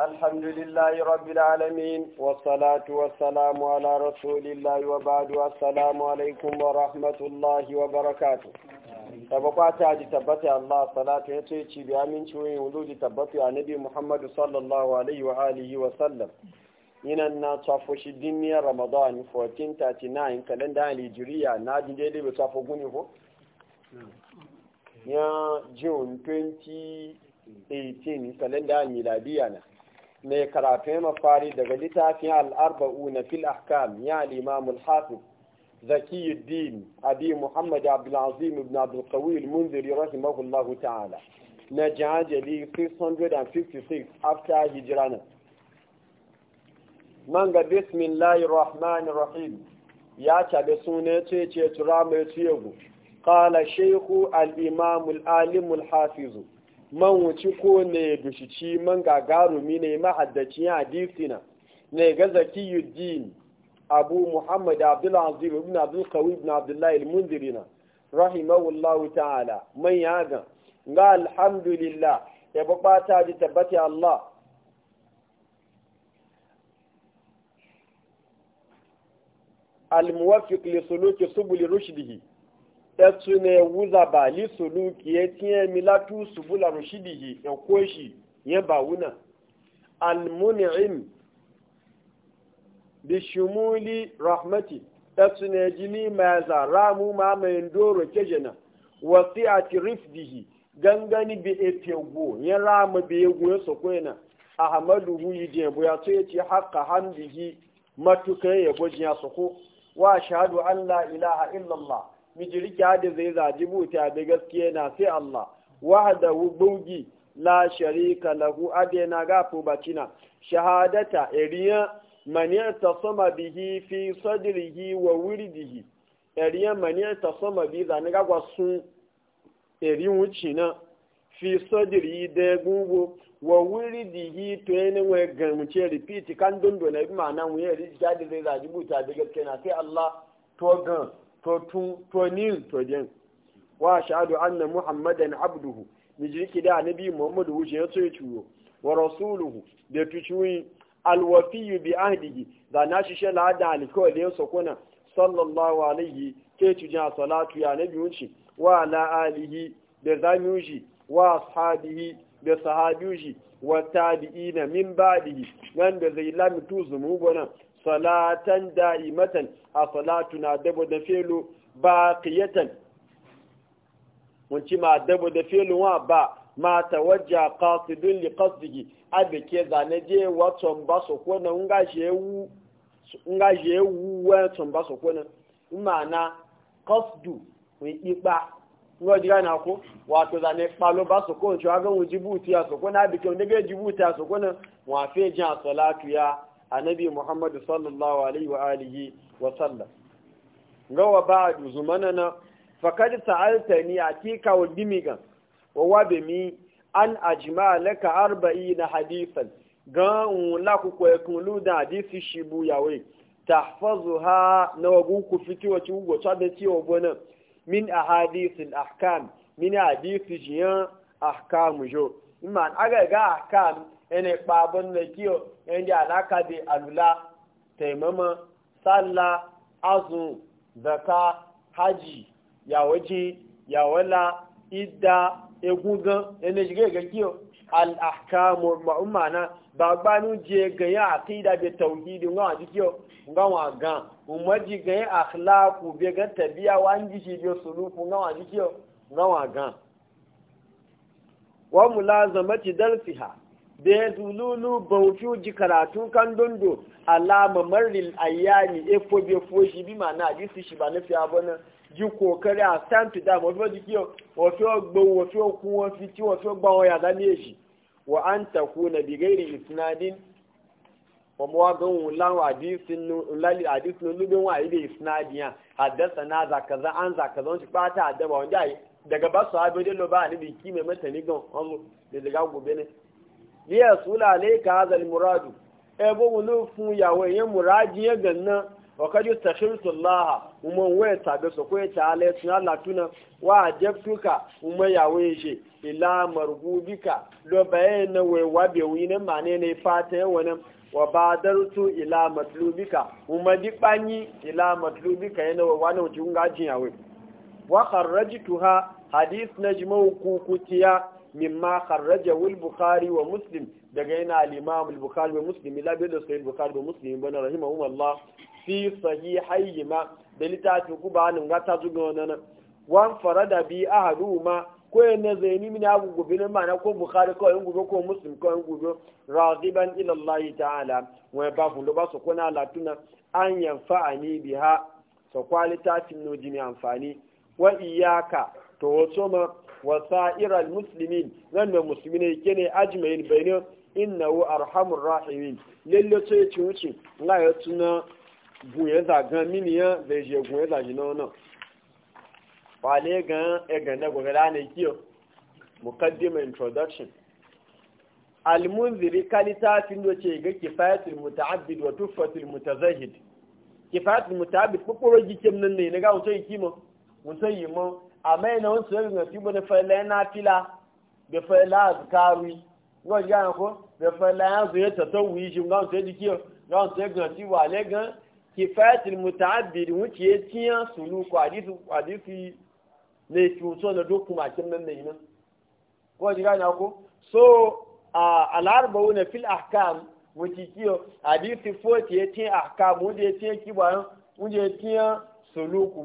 الحمد لله رب العالمين والصلاة والسلام على رسول الله وبعد السلام عليكم ورحمة الله وبركاته tabbata a ji tabbata Allah salatu ya ce ci biya min ciwon wuluji tabbata a nabi Muhammadu sallallahu alaihi wa alihi wa sallam na tsafo shi diniyar Ramadan 1439 kalenda Alijiriya na jin daidai bai tsafo guni ko? Ya June 2018 kalenda miladiya na. ما كرافين وفاري دغليتا في الأربعون في الأحكام يا الإمام الحافظ ذكي الدين أبي محمد عبد العظيم بن عبد القوي المنذر رحمه الله تعالى نجاة لي 656 after هجرانا من بسم الله الرحمن الرحيم يا تبسونة تيتي ترامي تيغو قال الشيخ الإمام العالم الحافظ man wuci ko ne dushici man gagarumi ne mahaddaci ya na ne ga zakiyuddin abu muhammad abdullah ibn abdul qawi ibn abdullah al rahimahullahu ta'ala man yaga ga alhamdulillah ya bata ji tabbati allah al-muwaffiq li suluki subul rushdihi ẹtù na ewuza ba lisolu kie tiẹ mi latu subula rushidihi ẹkọọshi yẹn ba wuna almuni'im bishumuli rahmati ẹtù jini ejini maza ramu ma mai ndoro kejena wasi ati rifdihi gangani bi efe gbo yẹn ramu bi egwu ya sokwena ahamadu hu yi diẹ boya to ya ci haka hamdihi matukan yabo jiya soko wa shahadu an la ilaha illallah mijiri ki hada zai zaji buta da gaskiya na sai Allah wahdahu bugi la sharika lahu adena gafu bacina shahadata eriya man yatasama bihi fi sadrihi wa wiridihi eriya man yatasama bi zan ga sun eri wucina fi sadri da gungo wa wiridihi to yana wa gamuce repeat kan dondo na bi ma'ana wa yari jadi zai zaji buta da gaskiya na sai Allah to gan to den wa sha'adu anna muhammadan abduhu mi jirki da nabi muhammadu wuce ya so ya ciwo wa rasuluhu da tuciwi alwafiyu bi ahdihi da na shi shela da alkawai da ya kuna sallallahu alaihi ke tujin salatu ya nabi wuce wa ala alihi da zamiuji wa ashabihi da sahabiuji wa tabi'ina min ba'dihi nan da zai lamitu zumu gona salatan da'imatan a na dabo da felo ba qiyatan wanci ma dabo da felo wa ba ma tawajja qasidun li qasdihi abike zane je waton ba so ko na nga jewu nga wu waton ba so ko na mana qasdu wi ipa ngo diga na ko to zane palo ba so ko njo agan wujibuti aso ko na abike ndege jibuti aso ko na wa fe jan salatu ya annabi muhammadu sallallahu alaihi wa alihi wa sallam gawa ba'du zumanana faqad sa'altani atika wa dimigan wa wabe mi an ajma laka 40 hadithan ga la ku ko lu da hadisi shibu yawe tahfazuha na ku fiti wa ci ugo sabe ci obona min ahadith al ahkam min hadith jiyan ahkam jo imma aga ga ahkam ene babon na kiyo yadda alaka da alula taimama salla azu zaka haji ya waje ya wala idda egungan ene jige ga kiyo al'akamu ma'umana ba gbanu je ganyen akida bai tauhidi nga wa jikiyo nga wa gan umarji ganyen akhlaku be ga tabiya wa an gishi bai sulufu nga wa jikiyo nga wa gan wa mulazamati dalfiha da ya zululu bautu ji karatun kan dondo alama marril ayyami efo bi efo shi bi mana jisi shi ba na fi abona ji kokari a stand to dam wato jiki wasu ogbo wasu kun wasu ci wasu ogba wa da ne shi wa an takuna bi gairi isnadin wa gan wulan hadisin lali hadisin lubin wa ile isnadiya haddasa na zakaza an zakaza wani bata adaba wanda daga ba sahabi dole ba a biki kime mata ni gan da daga gobe ne liya sula alayka hadha almuradu e bo wulu fun yawo yen muraji yen ganna wa kad yastakhirtu allah umma wa tabe so ko ta ale tun allah tuna wa jabtuka umma yawo yeshe ila margubika lo bayana we wabe wina mane ne fata wannan wa badartu ila matlubika umma dibanyi ila matlubika yana wa wani wuce kun gajin yawo wa kharrajtuha hadith najmu kukutiya mimma kharrajahu al-bukhari wa muslim daga yana al-imam al-bukhari wa muslim ila bi da sahih bukhari wa muslim bana rahimahumullah fi sahihayhima da litatu kubanin ga ta zuga wannan wan farada bi ahaduma ko yana zaini min abu gobe nan ma ko bukhari ko yan gobe ko muslim ko yan gobe radiban ila allah ta'ala Wai ba fu lo ba so kona latuna an yanfa'ani biha so littafin no jini amfani wa iyaka to so ma wa sa'iral muslimin zan da musulmi ne ajmain bayanin innahu arhamur rahimin lalle to ya ci wuce la ya tuna buye za gan mini ya zai je buye za ji nono wale gan e gan da gogara ne kiyo muqaddima introduction almunziri kalita fin do ce ga kifayatul muta'abbid wa tuffatul mutazahid kifayatul muta'abbid ko ko ji kem nan ne ga wuce kima mun sai yi mo àmọ́ ìnáwó sọ̀rọ̀ ìgbìyànjú tí mo ní fẹ́ lẹ́yìn náà fílà bẹ̀fẹ́ láàzù káàrí wọ́n jẹ́ àyànkó bẹ̀fẹ́ láàzù zòye tọ̀tọ̀ wù í ṣe nǹkan tó di kí o nǹkan tó gbìyànjú tí wà lẹ́gàn kì fẹ́ tì mú tà bìrì wọ́n ti tiẹ́ sùlù kọ àdìsí lè fi wùsọ̀ lọ dókun àti mẹ́mẹ́ yìí náà wọ́n jẹ́ àyànkó so alárùbọ̀ wọn fil àkàm wọ́n ti kí o àdìsí fó tiẹ́ tiẹ́ àkàm wọ́n jẹ́ tiẹ́ kí wọ́n jẹ́ tiẹ́ sùlù kù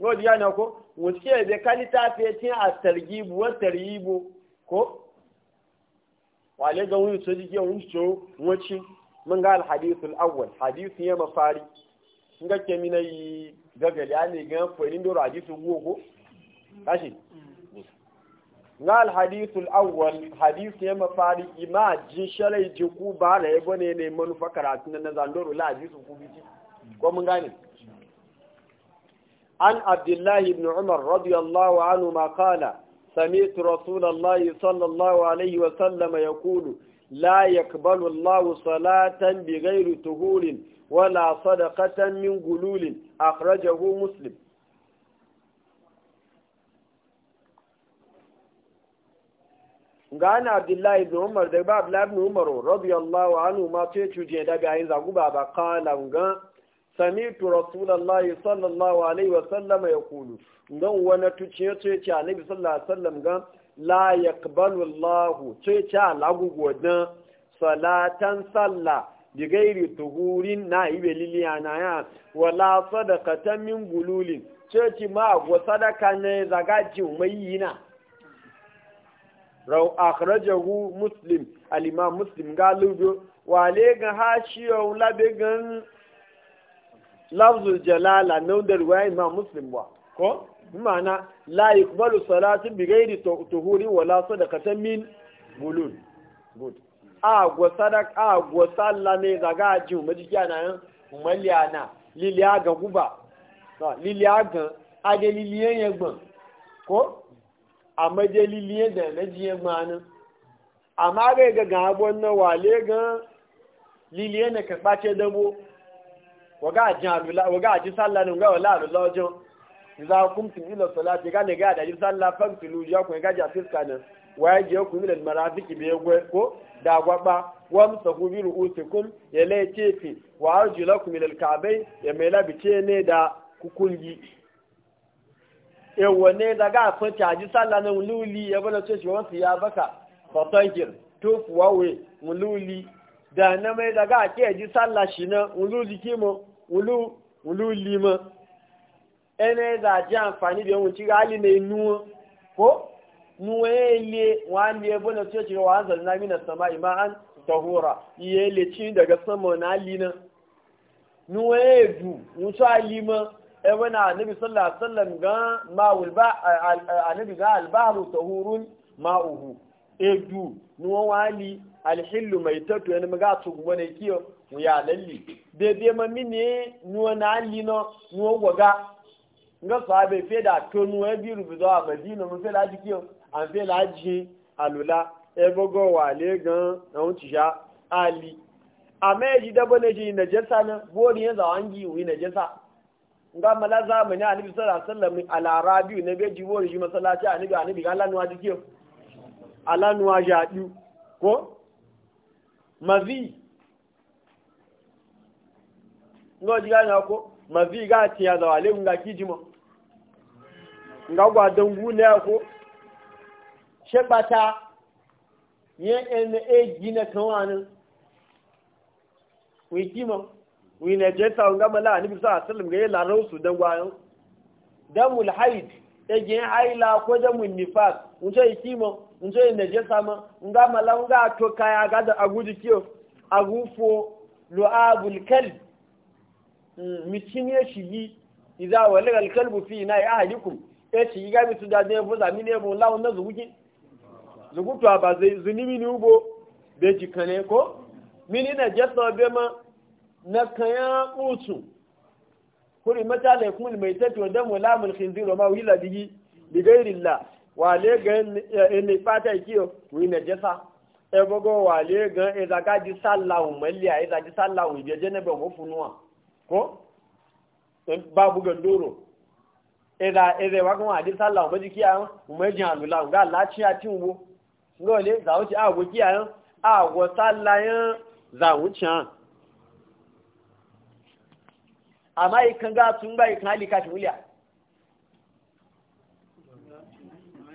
ko diya na ko wuce be kalita fe tin a targhib wa tarhib ko wale ga wani so dike wani so wuce mun ga al-hadith al-awwal hadith ya mafari nga ke na yi gagali ale ga ko ni do hadith wo ko kashi na al-hadith al-awwal hadith ya mafari ima jin sharai jiku ba la yabo ne ne manufa karatu na zandoro la hadith ku biji ko mun gane عن عبد الله بن عمر رضي الله عنهما قال سمعت رسول الله صلى الله عليه وسلم يقول لا يقبل الله صلاة بغير تهول ولا صدقة من قلول أخرجه مسلم gana abdullahi ibn umar da ba abdullahi ibn umar radiyallahu anhu ma sai cuje da bayan zagu baba kala ga samitu rasulallahi sallallahu alaihi wasallam ya kulu don wani tuci ya ce ce alaihi sallallahu alaihi wasallam gan layak balullahu ce ce alagugu wajen salatan salla digairi tuhurin na ibe liliya na ya wala sadaka ta min gululin ce ma sadaka ne zaga mai yi na rau akhrajahu muslim alimam muslim galubu wale ga hashiyo labe gan lafzul jalala na wanda ruwaya imam muslim ba ko ma'ana la yuqbalu salatu bi ghairi tuhuri wala sadaqatan min bulul good a go sadak a go salla ne daga ji mu ji kana yan na liliya ga guba liliya ga ade liliyen yagbon ko amma je liliyen da na ji yagbon amma ga ga ga abon na wale ga liliyen ka bace dabo waga ajin sallah nun ga wala alula wajen za kumtum ila salati ga ne ga da ajin sallah fan tilu ya ku ga ja fiska nan waye je ku min marafiki be ko da gwaba wa musahu bi ru'usikum ya la tefi wa arjulakum ila alka'bay ya mela bice ne da kukungi ewo ne da ga fa ta ajin sallah nun luli ya bana ce shi wasu ya baka fatahir tofuwa we mululi da na mai daga ake ji sallah shi na mululi kimo wulu lima ene za ji amfani da yawanci gali na nuwa ko nuwa ya le wani ya na ce ce wa hanzar na mina sama an tahura iya le cin daga sama na alina nuwa ya du mutu alima ebe na annabi sallallahu alaihi wasallam ga ma'ul ba anabi ga albahru tahurun ma'uhu edu nuwa wali alhillu mai tattu yana maga tugu wani kiyo mu ya lalli bebe ma mini nuwa na alli no nuwa waga nga fa sahabe fe da to nuwa bi rubuzo a madina mu fe laji kiyo an fe laji alula ebogo wale gan na wuce sha ali amma ya ji dabo ne shi na jesa na bori ya zawon gi wi na jesa nga mala zamani bi nabi sallallahu alaihi wasallam al-arabi ne be ji bori shi masallaci a nabi a nabi ga lanuwa jikiyo alanuwa jaɗu ko mazi ngo jiga na ko mazi ga ti ya da le nga kijimo nga gwa dangu ne ko shebata ye en e gina kawana wi kimo wi ne je ta nga mala ni bisa sallam ga la rausu dan gwayo damul haid e gen haila ko damul nifas mun je nzo yin najasa ma nga mala nga to kaya ga da aguji kiyo agufo lu'abul kalb mm, mitine shi yi idza walaga kal bu fi na ya ahlikum e shi ga bitu da ne bu ne bu lawo na zuguki zugutu abaze zai zunimi ni ubo be jikane ko mini so be ma na kaya musu. kuri mata laikum al maitatu wa damu lamul khinzir ma wila bihi bi ghairillah wale ga eh, ne fata kiyo mu ne jesa e bogo wale ga e zaga di sallahu maliya e zaga je je ne ko e babu e e ga doro e da e da wa adi mu me jan alula ga lachi ati wo ngole za wuce a go kiya a go sallayan za wuce amma ikan ga tun ba ikan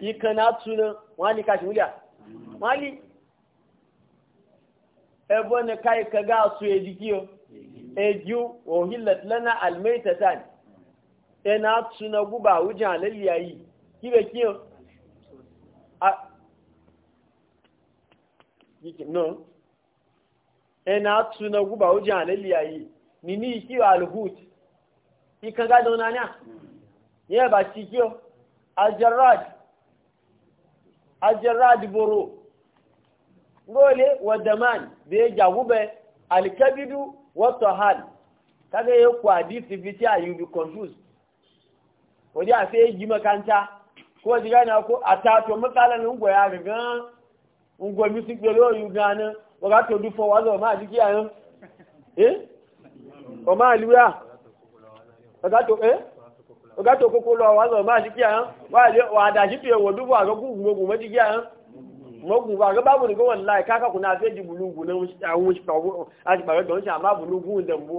ikan na tunan wani kashi wuliya wani ebo na kai ka ga su ya jikiyo ejiyu wa hillat lana almaitatan ina tuna guba wujan alalliya yi kibe kiyo a yike no ina tuna guba wujan alalliya yi ni ni kiyo alhut ikan ga dona nya ye ba kiyo aljarrad ajarradi boro gole wa daman da ya jagube alkabidu wa tahal kaga ya ku hadisi fiti a yubi confused wani a sai ya ji makanta ko ji gane ko a tato matsalar ngwa ya riga ngwa mi su gbelo yu gane wa ga to dufo wa ma eh? ma wa ọgá tó kókó lọ wà lọ máa ṣe kí àán wà àdáṣí tó ẹwọ̀ dúbọ̀ àgọ́gùn gbogbo mọ́jí kí àán mọ́gùn bá gọ́bá bùn nígbà wọn láì kákàkùn náà fẹ́ jù bùlùgùn àwọn àṣìpàwẹ́ tó ń ṣe àmà bùlùgùn dẹ̀mbó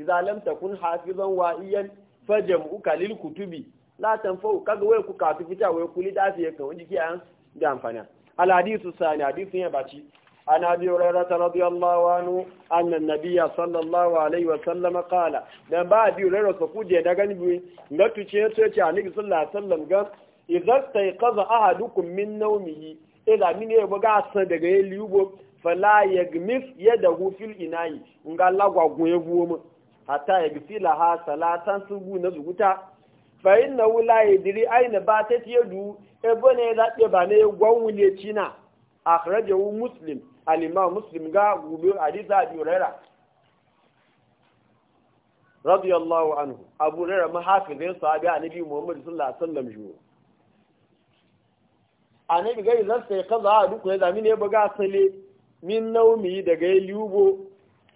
ìzàlẹ́m tẹ̀kún hafizan wa iyan fẹ́jẹ̀m ukalil kutubi látàn fọ́ kaga wẹ́ kú kàtú fita wẹ́ kú lítàfi ẹ̀kan ó jí kí àán dá àǹfààní aládìsù sani àdìsù yẹn bàtí عن أبي هريرة رضي الله عنه أن النبي صلى الله عليه وسلم قال لما أبي هريرة سقود يدغن بوين نتو تشيرتش عن النبي صلى الله عليه وسلم قال إذا استيقظ أحدكم من نومه إذا من يبقى صدق يليوب فلا يغمس يده في الإناء ونقال الله وغيبوم حتى يغسلها ثلاثا سبو نزغتا فإنه لا يدري أين باتت يده ابن إذا يبقى نيغوان وليتنا أخرجه مسلم alima muslim ga gube hadisa abi huraira radiyallahu anhu abu huraira mahafizin sahabi annabi muhammad sallallahu alaihi wasallam A annabi gari zan sai kaza duk wani zami ne buga sale min naumi daga yubo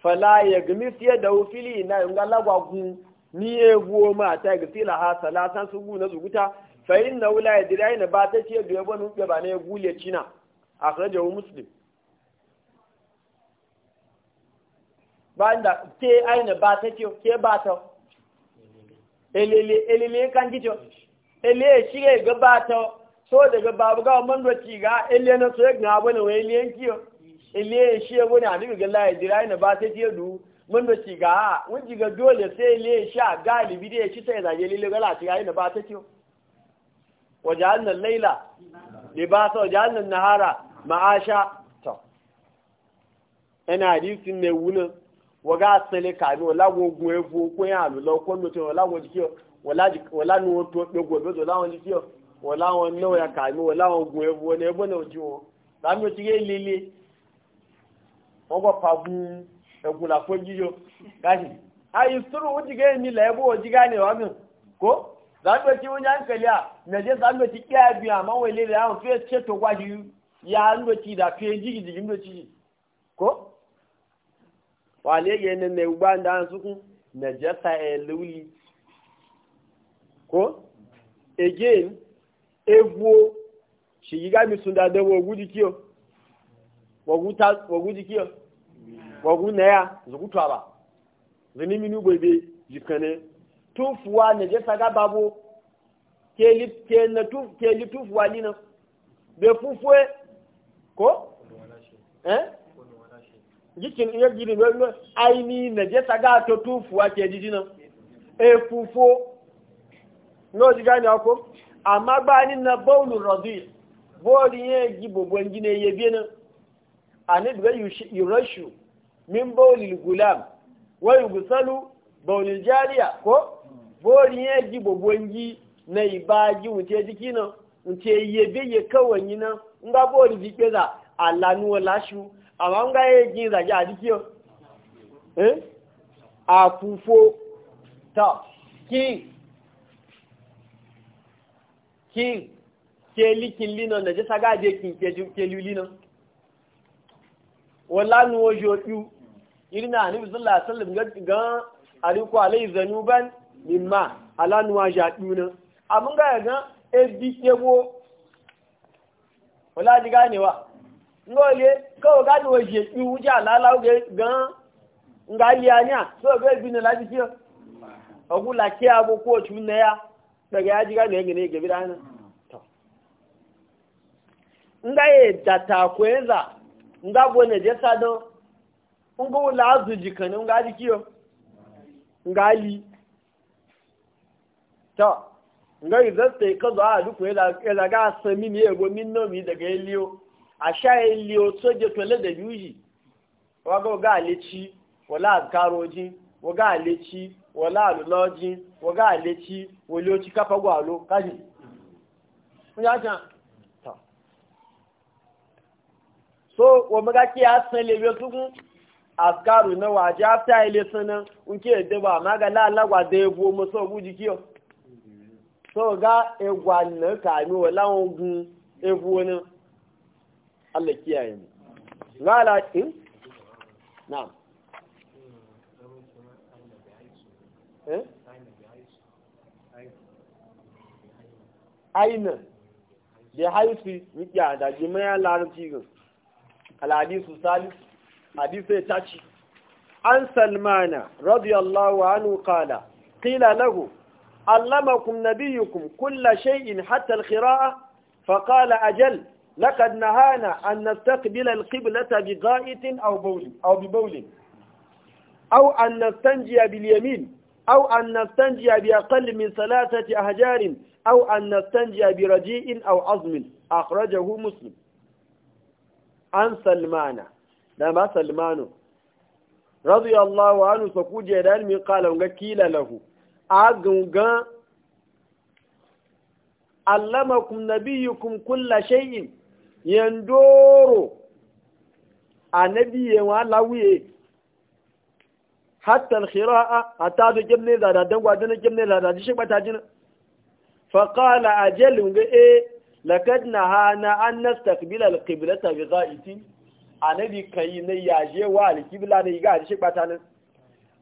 fala ya gmis ya da fili na yunga lagwagun ni eguo ma ta gisila ha salatan gu na zuguta fa wula ya yadira ina ba ta ce da yabo nun ba ya gule cina a jawo muslim banda te aina ba ta ce ke ba ta elele elele kan gijo ele shi ga ba ta so daga babu ga man do ci ga elele na so ga ba ne wai liyan kiyo elele shi wani ani ga la ya dira ina ba ta ce du man do ci ga wuji ga dole sai elele sha galibi da shi sai zage lele ga la ci ga ina ba ta ce wajalna laila libasa wajalna nahara ma'asha to ina hadisin ne wunan wọ́gá sẹlẹ̀ kàmí ọ̀làwọ̀ ogun ẹ̀fọ́ kóyàn àlùlọ kọ́nù tí ọ̀làwọ̀ jíkí ọ̀lànà tó gbogbo ọ̀dọ́dọ̀ ọ̀làwọ̀ jíkí ọ̀làwọ̀ náà kàmí ọ̀làwọ̀ ogun ẹ̀fọ́ ní ẹgbọ́n náà jí wọn láàmì ó ti yé líle wọ́n kọ́ pa bu ẹ̀gùn làfọ́ jíjọ gáàsì. àyè ó ti gé mi lẹ̀ ẹ̀bù òjì gáàní ọ̀mì kó láàmì ó ti wọ́n yá ń kẹ̀lé à nàìjẹ́ láàmì ó ti kí àbí àmọ́ ilé rẹ̀ àwọn fẹ́ẹ́ ṣètò wájú yá ń lò ti ìdàpẹ́ jìgìjìgì ń lò ti kó. wale yi ne na ugba da an suku? na jasa e luli ko again egwo shi yiga mi sun da da wo gudi kiyo wo guta wo gudi kiyo wo gu na ya zuku to aba zini mi nu bebe jikane to fuwa na jasa ga babu? ke li ke na tu li tu ni na be fufwe ko eh jikin iya gini wani aini na jesa ga to tufuwa ke jiji nan efufo no ji gani ako amma na baulu razil bori ya gi bobon gine ya biye nan ani ga yurashu min baulil gulam wa yugsalu baulil jariya ko bori ya gi bobon gi na ibaji wuce jiki nan wuce yebe ye kawai nan nga bori ji peza alanu lashu àmọ́ ń gáyé jí ìrìnàjá àdíkí ọ àkúfò tọ́ kí kí keli kinli náà nà kí keli lína wọ́n lánú ojú ojú irina ní bisalà sallam gan àríkò alẹ́ ìzẹ̀nú bá ní ma alánú ajá ojú ngole kawo gani waje ki wuce alala oge gan nga yi anya so ga bi ne laji kiyo ogu la ki abu ko tu na ya daga ya jiga ne gine ge bidana to nga ye nga bone nga nga ka zo a duk mi àṣà ilé òtóje tó lédè yìí yìí wọ́n gbọ́ ọ̀gá àlétí wọ́lá àkàròjì wọ́gá àlétí wọ́lá so wọ́n mẹ́ka kí a san ilé tukun asgaru na waje afta á jẹ́ nke ilé sanná ń kí so ga ogun na. Allah kiyaye mu lala in eh? na'am eh aina da haifi mikiya da jimaya larabci gan alhadisu salis hadisu ya Tashi. an salmana radiyallahu anhu qala qila lahu allamakum nabiyukum kulla shay'in hatta alqira'a فقال ajal. لقد نهانا أن نستقبل القبلة بغائط أو بول أو ببول أو أن نستنجي باليمين أو أن نستنجي بأقل من ثلاثة أحجار أو أن نستنجي برجيء أو عظم أخرجه مسلم عن سلمان لما سلمان رضي الله عنه سكو جيران من قال قيل له أغنغا علمكم نبيكم كل شيء yandoro annabi yawa lawiye hatta alkhira'a hatta da gimne da da dangwa da gimne da da shi bata jin fa qala ajal ga e lakad nahana an nastaqbila alqiblata bi ghaiti anabi kai ne yaje wa alqibla ne ga shi bata nan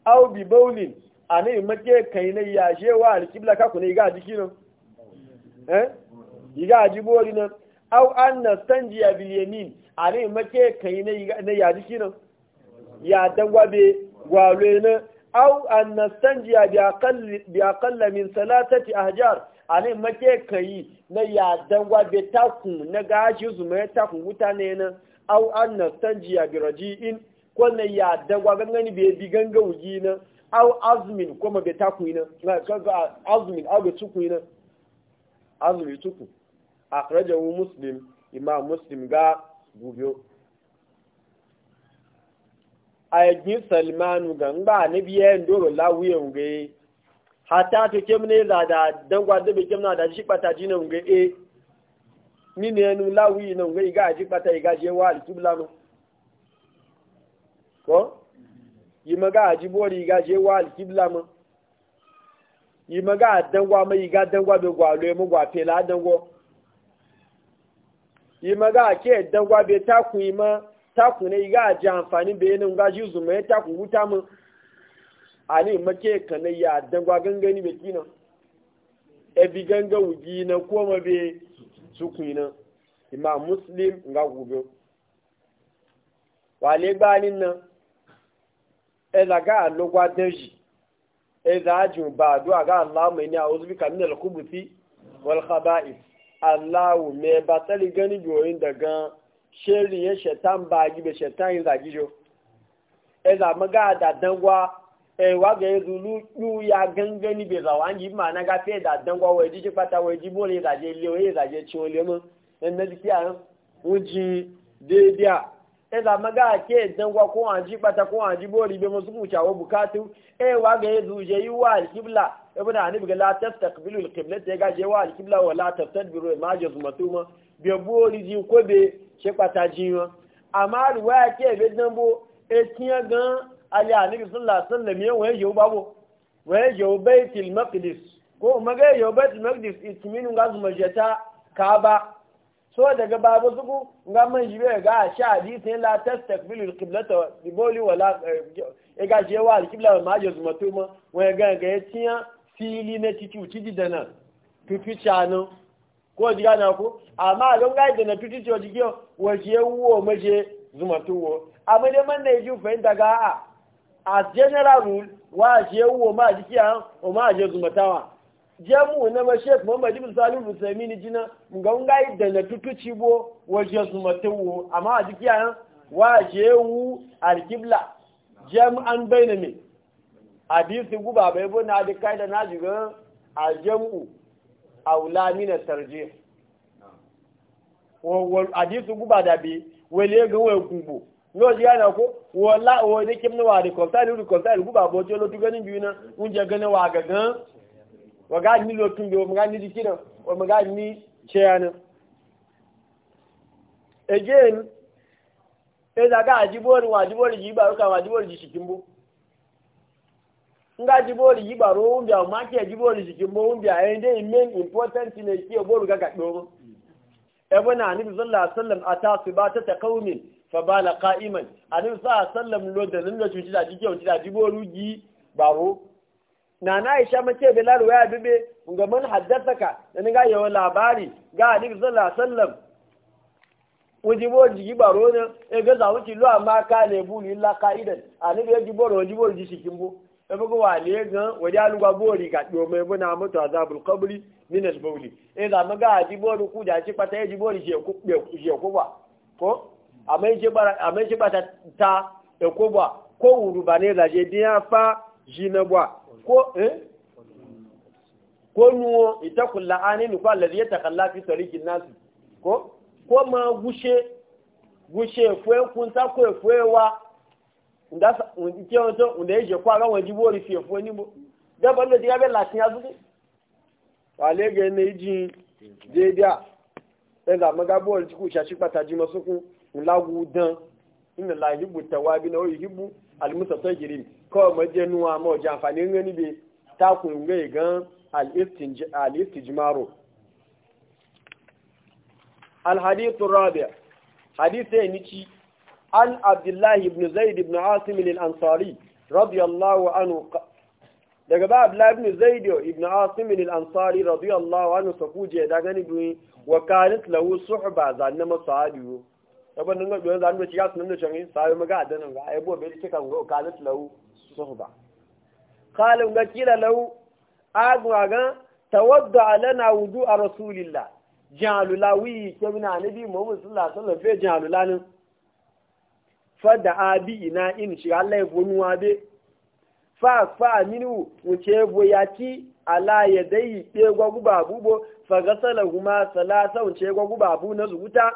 aw bi bawlin anabi make kai ne yaje wa alqibla ka ku ne ga jiki nan eh ga bori nan au an nastanjiya bil a ne make yi na ya jiki nan ya dangwabe gwalo na au an nastanjiya bi aqall bi aqall min salatati a ne make yi na ya dangwabe takun na gashi zuma takun mutane na au an nastanjiya bi raji'in ko na ya gwa gangani be bi ganga wuji na au azmin kuma be takun na azumin au be tukun na azumin tukun akhrajahu muslim imam muslim ga salmanu gangba na biya ndoro hata to za da dangwa da be kem da shi pata ga e ni ne nu lawi nan ga ji pata je ko yi maga ji bori je yi maga dangwa mai dangwa be gwa mu gwa pela dangwa yi maga a ke gwa bai taku yi ma taku ne ga ji amfani bai yanin ga ji zuma ya taku wuta mu a ne make ka na ya dangwa gangani bai kina ebi ganga wugi na koma bai suku yi na ima muslim nga gobe wale gbanin nan eza ga alogwa daji eza ajin ba addu'a ga Allah mai ni a uzbika min al-khubuthi wal khaba'ith Allahu me ba tsali gani biyoyin daga sheri ya shetan ba gibe shetan yin zagijo. E za maga da dangwa e waga ya zulu yu ya bai zawa yi ma na gafe da dangwa wai jiji fata wai jibo ne zaje liyo ya lemu. na jiki a wuji daidai e za e e e maga ke dangwa ko an ji ko an ji bori bai masu kucawa bukatu e waga ya zuje yi wa ibn hanif ga la tastaqbilu al-qibla ta ga jewa al-qibla wa la tastadbiru ma jazmatuma be bori ji ko be se pataji won ama ruwa ke be dan bo etiyan gan ali hanif sallallahu alaihi wasallam ye we yo babo we yo baitul maqdis ko maga yo baitul maqdis itiminu ngazu majata kaaba so daga babu zuku nga man jibe ga sha hadisi la tastaqbilu al-qiblata bi boli wala e ga wa al-qibla ma jazmatuma we ga ga etiyan fili na titi titi da nan titi nan ko ji gana ko amma don gaji da na fifica wa jiki wace yawo mace zumatuwo amma dai man da ya ji fahimta ga a as general rule wa ce wo ma ji a o ma je zumatawa jamu na ma shek muhammad ibn salim musamini jina ga ngai da na tutuci bo waje zumatuwo amma jiki a wa je wu jam an bainami hadisi guba bai bu na da kaida na jiga a jam'u aula min tarjih wal hadisi guba da bi wele ga wai kubo no ji ana ko wala o ne kim na wari ko sai ru ko guba bo jo lo ganin biyu na un je gane wa ga gan wa ga ni lo tun bi o ga ni dikira o ga ni cheyana again e da ga ajibori wa ajibori ji ba ka wa ajibori ji nga jiboli yibaro umbya umake jiboli jikimbo umbya ende main important ne ki oboru gaga dogo ebo na ni sallallahu alaihi wasallam ata sibata ta qaumi fa bala qa'iman ani sallallahu alaihi lo da nan da cuci da jike wuci da jibolu ji baro na na aisha mace bilal waya bibe ga man haddathaka nan ga yawa labari ga ni sallallahu alaihi wasallam ojibo jigi baro ne e ga zawuci lo amma ka ne bulu illa qa'idan ani ga jiboro jiboro ji shikimbo da bugu wale gan waje aluwa bori ga domin muna mutu azabul kabri min al-bawli eh za ji bori ku da ci pata ji e bori je ku je ku ba ko amai e je bara amai e je pata ta e ba ko ba ne je dia fa na ba ko eh ko nuwo allazi yatakalla fi tariqin nas ko ko ma gushe gushe kun ko fuewa ndasa nke wato da ya jekwa e ga waje bori fiye fuwa ni bo da ban da jigabe latin ya zuke wale ga yana yi jin daidai e da maga bori ciku shashi pata ji masu kun lagu dan inda la hibu tawabi na oyi hibu almusa ta girin kawai maje nuwa ma waje amfani gani bai ta kun gai gan al-istijmaro al rabi' hadith ni ci an abdullahi ibn zaid ibn asim al-ansari radiyallahu anhu daga ba abdullahi ibn zaid ibn asim al-ansari radiyallahu anhu sakuje da gani bi wa kanat lahu suhba zanna masahabi abin nan ga zanna ci ya sunan da cin sai maga adanan ga ai bo bai cika ga kanat lahu suhba qala ga kila lahu agwa ga tawadda lana wudu rasulillah jalulawi kemina nabi muhammad sallallahu alaihi wasallam fe jalulanin fada abi ina in shi Allah ya gonu abe fa fa minu wuce bo ala ya dai pe gwagu babu bo fa gasala huma salasa wuce gwagu babu na zuguta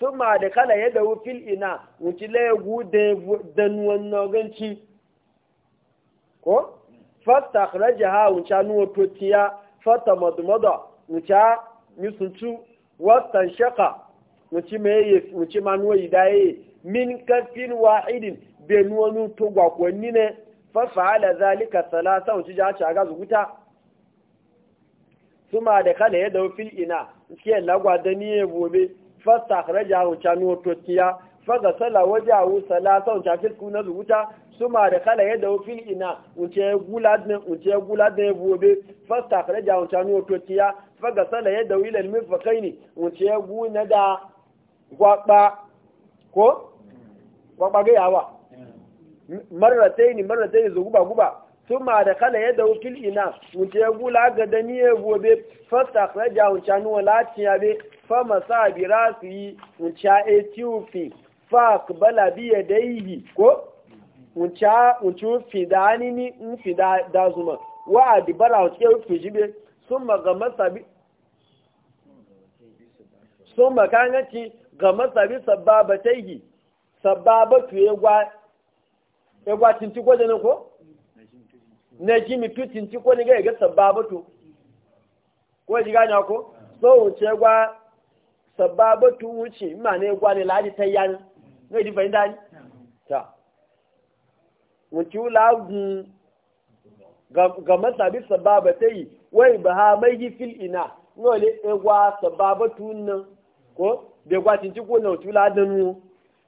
summa da kala ya da fil ina wuce la ya gude dan wannan ganci ko fasta kharaja ha wuce nu totiya fata madmada wuce misuncu watan shaka wuce yi wuce manuwa idaye min kafin wa'idin ben wani to gwakwanni ne fa fa'ala zalika salasa wuce ja ci aga zuguta kuma da kala ya dawo fil ina ke lagwa da ni ya bobe fa sakhraja hu chanu to tiya fa ga sala wajahu salasa wuce fil kuna zuguta kuma da kala ya dawo fil ina wuce gulad ne wuce gulad ne bobe fa sakhraja hu chanu to tiya fa ga sala ya dawo ila al mifaqaini wuce gu na da gwaba ko gwagwage yawa marratai ne marratai ne zo guba guba sun ma da kala yadda wukil ina wuce ya gula ga da ni ya gobe fasta kraja wuce wa latin ya be fama sa bira su yi wuce a etiyofi fak bala biya da yi ko wuce fi da hanini in fi da zuma wa a dibara wuce ya wuce jibe sun ma ga masa bi sun ma ga masabi sababa taihi sababa tu yegwa yegwa tinti ko jana ko na jimi tu tinti ko ni ga e ga sababa tu ko ji ganya ko so ce gwa sababa tu wuce ma ne gwa ne ladi tayyan ne di fahimta ni ta wuce lagun ga masabi sababa taihi wai ba ha mai fil ina ngole egwa sababa tu nan ko bai kwaci ci kuna tula dinu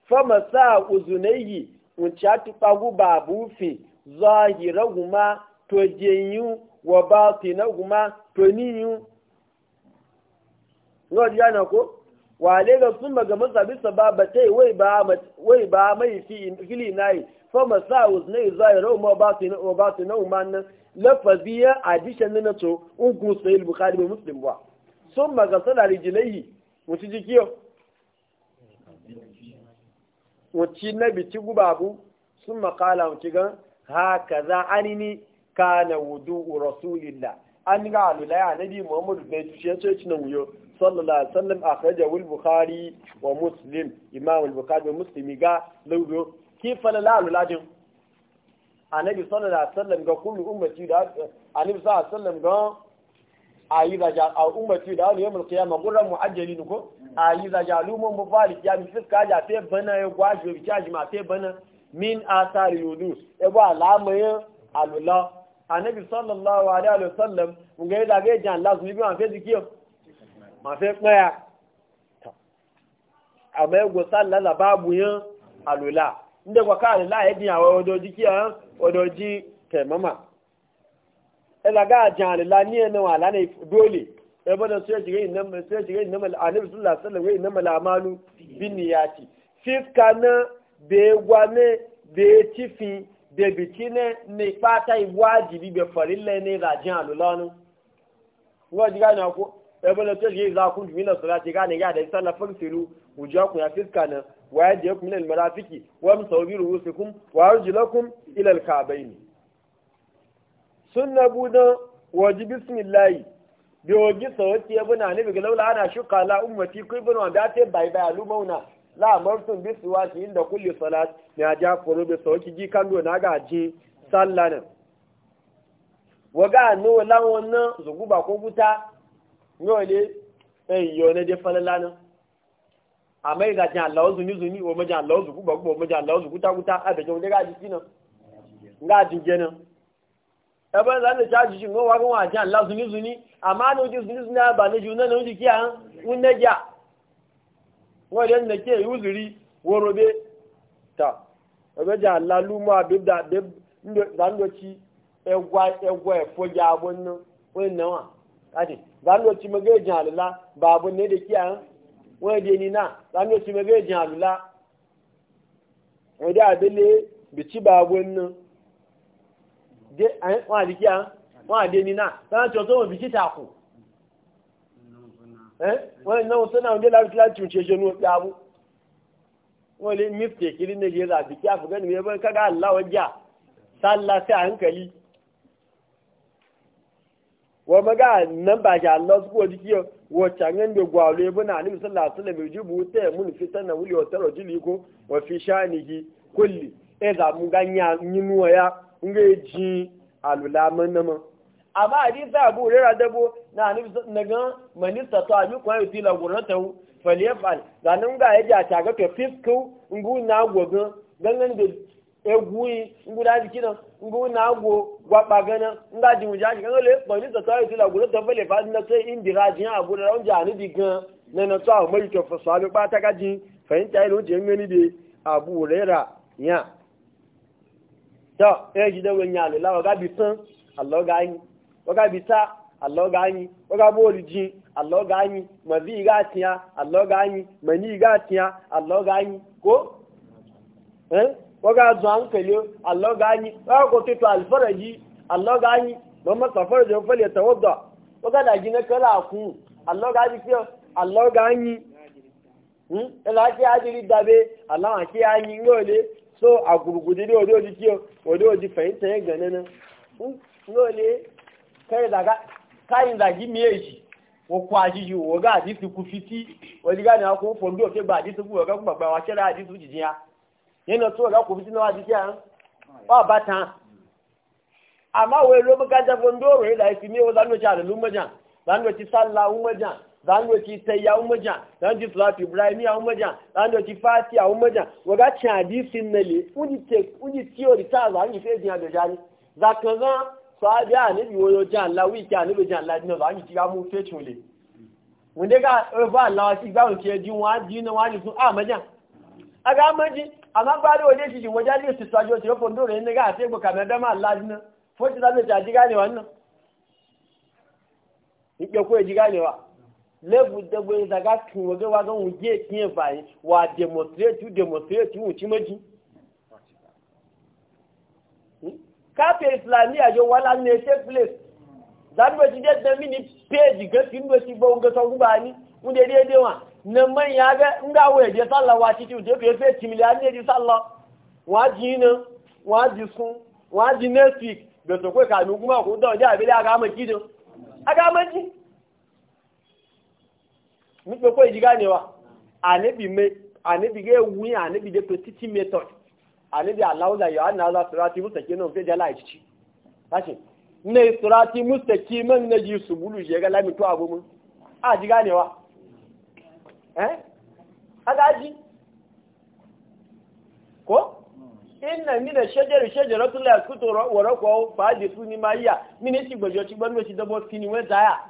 fama sa uzunayi wunci a tupa guba bufi zahira guma to jenyu wa batina guma to niyu ngo diya na ko wale ga sun baga masa bisa ba ba tai wai ba wai ba mai fi fili nai a masa uznai zahira ma batina na to ugu sahih bukhari muslim ba sun maga wacce na bici gubabu sun makala wacce gan haka za anini na wudu rasulillah an ga alulaya nabi muhammadu bai tushe sai cinan wuyo sallallahu alaihi wasallam kaje wul bukhari wa muslim imam al-bukhari wa muslim ga lawdo kifala la alulajin annabi sallallahu alaihi wasallam ga kullu ummati da annabi sallallahu alaihi wasallam ga ayi da ja ummati da yawmul qiyamah gurran muajjalin ko a yi zajalu mun mu fali ya mi fiska ja te bana ya e gwajo bi caji ma te bana min asari yudu e ba alama ya alula annabi sallallahu alaihi wa sallam mun ga da ga jan lazu ni bi ma fe zikiyo ma fe paya a ya e go sallala babu yan alula inda kwa kare la ya din awon odoji kiyan odoji temama elaga jan alula ni enu ala ne dole ebana sai shiga innan mai sai shiga innan mal annabi sallallahu alaihi wasallam innan mal amalu bin niyati fiska na be gwane be tifi be bitine ne pata iwajibi be farilla ne rajin alulanu wa diga na ko ebana sai shiga za kun min salati ga ne ga da sallah fasilu wujaku ya fiska na wa yajikum min al marafiki wa msawiru rusukum wa arjulakum ila al ka'bayn sunna budan wajibi bismillah biyogi sawaki ya buna ni biga laula ana shuka la ummati ku ibn da te bai bai alu mauna la amartum bi siwaki inda kulli salat ya ja furu bi sawaki ji kan na ga ji sallana waga no la wonna zugu ba ko guta ngole eh yo ne de falalana amai ga jan lawo zuni zuni o ma jan lawo zugu ba ko ma jan lawo zugu ta guta a da jo ga ji kina ga ji ẹgbẹ́ ìlànà ìṣá àjíṣì ń wá fún àjá ńlá zunizuni àmá ní ojú zunizuni àbà ní jù náà ní ojú kí à ń nẹ́jà wọ́n lè nà kí èyí wùzìrí wọ́rọ̀bẹ́ ta ẹgbẹ́ jà ńlá lúmọ́ àbíbdà dánlọ́tí ẹgbà ẹ̀fọ́jà abọ́ náà wọ́n nà wà láti dánlọ́tí mẹ́gẹ́ jà àlùlá bà ní èdè kí à ń wọ́n èdè ní náà dánlọ́tí wọ́n àdíkí à wọ́n àdé ní náà sáàtọ̀ tó wọ́n bí títà kù wọ́n náà tó náà ń dé láti láti ṣe ṣe ní oṣù àbú wọ́n lè mìfẹ́ wọ́n mọ́gá nọ́mbà jà lọ sí pọ̀ díkí wọ́n ṣàngán gbogbo àwọn ẹbí náà ní sọ́là sílẹ̀ méjì bú tẹ̀ múnú fi sẹ́nà wúlò ọ̀tẹ́rọ̀ jùlọ ikú wọ́n fi ṣáà nìyí kólì ẹ̀dà mú gá nyínú ọ̀yá nga ji alula man nama amma hadisi abu hurairah dabo na anabi na ga manista to abi ko ayi tila gurnata falyafal ga nan ga yaji a taga to fisku ngu na gogo gangan da egwuyi ngu da jiki nan ngu na go gwaba gana nga ji muja ji gangan le manista to ayi tila gurnata falyafal na sai indira ji abu da ran jani bi gan na na to mai to fasalu ba ta gaji fahimta ilo je ngani bi abu rera ya tọ́ ẹ jí dẹ́wọ̀ ẹ̀yìn àlèlá ọ̀gá bí ga àlọ́gá yín ọ̀gá ga tá àlọ́gá yín ọ̀gá bóòlù jí àlọ́gá yín mọ̀bí ìgá àtìyàn àlọ́gá yín mọ̀ní ìgá àtìyàn àlọ́gá yín kó ọ̀gá zọ àǹkẹ̀lẹ́ àlọ́gá yín ọ̀gá kò tó àlùfọ́rẹ̀ yìí àlọ́gá yín mọ̀mọ́ sọ̀fọ́rẹ̀ jẹ́ fẹ́lẹ̀ tẹ̀wọ́dọ̀ so a gurgudu ne Odi wani kiyo wani wani fahimta ya gane nan nole kai daga kayin zagi miye shi ko kwaji ji wo ga hadisi ku fiti wani gane ko fondo ke ba hadisi ku ga kuma ba ya kira hadisi ji jiya yana so ga ku na hadisi an ba ba ta amma wai zango ci sai ya umaja zan ji flat ibrahim ya umaja zango ci fati ya umaja waga ci hadisin nale uji te uji theory ta zan ji fe jiya da jani zakan zan sahabi a bi woyo jan la Wi wiki ni bi jan la dina zan ji ya mu fe chule wunde ga ova e la ti gba e won ti eji won ji na wani sun a ma maja aga maji amma ba da wode shi waja le su sajo ti ko ndo re ne ga te go kanada ma la dina fo ti da le ta ji wa wannan ikpe ko ji e wa? level dabo ya zaga tun wage wagan wuge kiye bayi wa demonstrate to demonstrate maji hmm? kafe islamiyya yo wala ne place da mini page ga kin ba man ya ga in ga waye sallah wa ci ci da be fe ci miliyan ne di sallah wa ji ne wa ji sun wa ji next week to ko ka nu kuma ko ma ji do aga ma ji nígbà kó ìjì gánewa àníbi gẹ́ wí àníbi dé pé títí method àníbi aláwùzà yọ àná àlá sọ́ràtì mùsàkí náà fẹ́ jálá ìṣìṣì láti ní sọ́ràtì mùsàkí mẹ́rin náà yìí ṣùgbúlù yẹ gálámi tó àgbómú àjì gánewa ẹ́ adájí kó inna mina shajari shajaratu la yakutu wa rakwa faadi suni maiya mini ti gbojo ti gbonu ti dobo kini we daya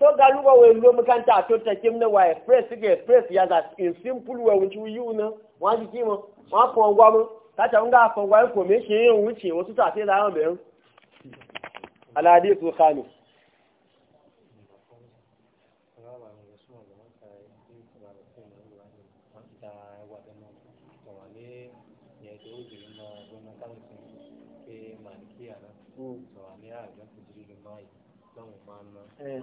so ga luwa wai lo makanta a tota kim na wa express ga express ya za in simple way which we you na wa ji kimo wa ko ngwa mu ta ta nga fa ngwa ko me shi yin wuce wasu ta sai da ran eh? bayan alhadithu khamis Mm. Eh.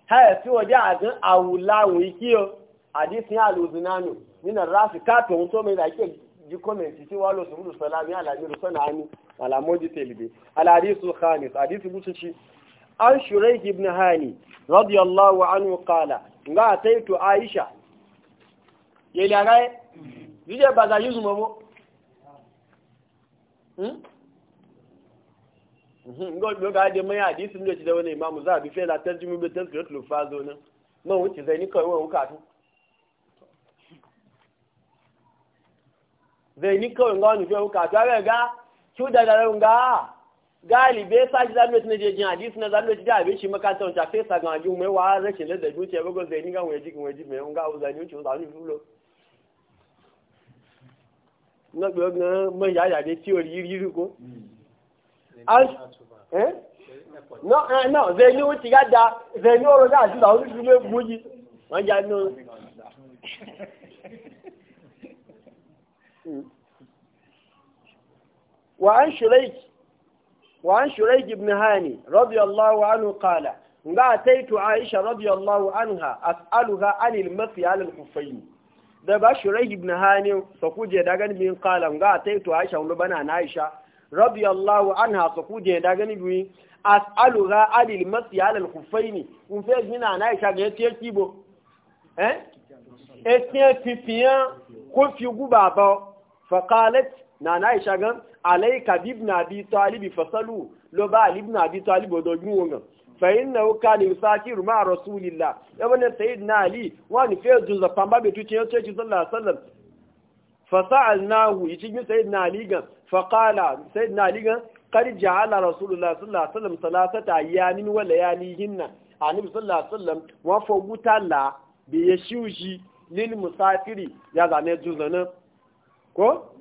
haya fi waje a gan awula wikiyo a disin aluzinanu nina rafi kato wuto mai da ake ji komenti ti walo su mudu salami alamiru sana hannu alamoji telibe aladisu khamis hadisi musuci an shuraik ibn hani radiyallahu anhu kala nga ataitu aisha yeli baza ngo ga je mai hadisi ndo ci da wani imamu za bi fe la tarjumi be tazkirat lufazo wuce zai ni wa zai ni fe ga ga da da ga sa ji je jin na zamu ji da be shi makanta wancan sa ga wa rashin da ba go zai ni ga ga ni fulo na gbe na ya ya ko Eh? No, eh, no, they knew what you got there. They knew all of that. Now, this is a movie. Wọ́n jà nù. وعن شريك وعن da ba shuraih ibn hani fa kuje da gan bin qala ga taitu aisha wani bana na aisha radiyallahu anha su kuje da gani biyu as'aluha alil masi alal kufaini kun fe gina na isha ga yace kibo eh etin pipian ko fi guba ba fa qalat na na isha ga alayka bi ibn abi talib fasalu lo ba ali ibn abi talib do gun won fa inna kana yusakir ma rasulillah yabana sayyidina ali wa ni fe juza pamba be tuce yace sallallahu alaihi wasallam fa sa'alnahu yi cikin sayyidina ali gan faƙala sai na ligan karja ala rasulullah sallallahu alaihi wasallam salasata ayyamin wa layalihin nan annabi sallallahu alaihi wasallam wa foguta la bi yashuji lil musafiri ya zane juzana ko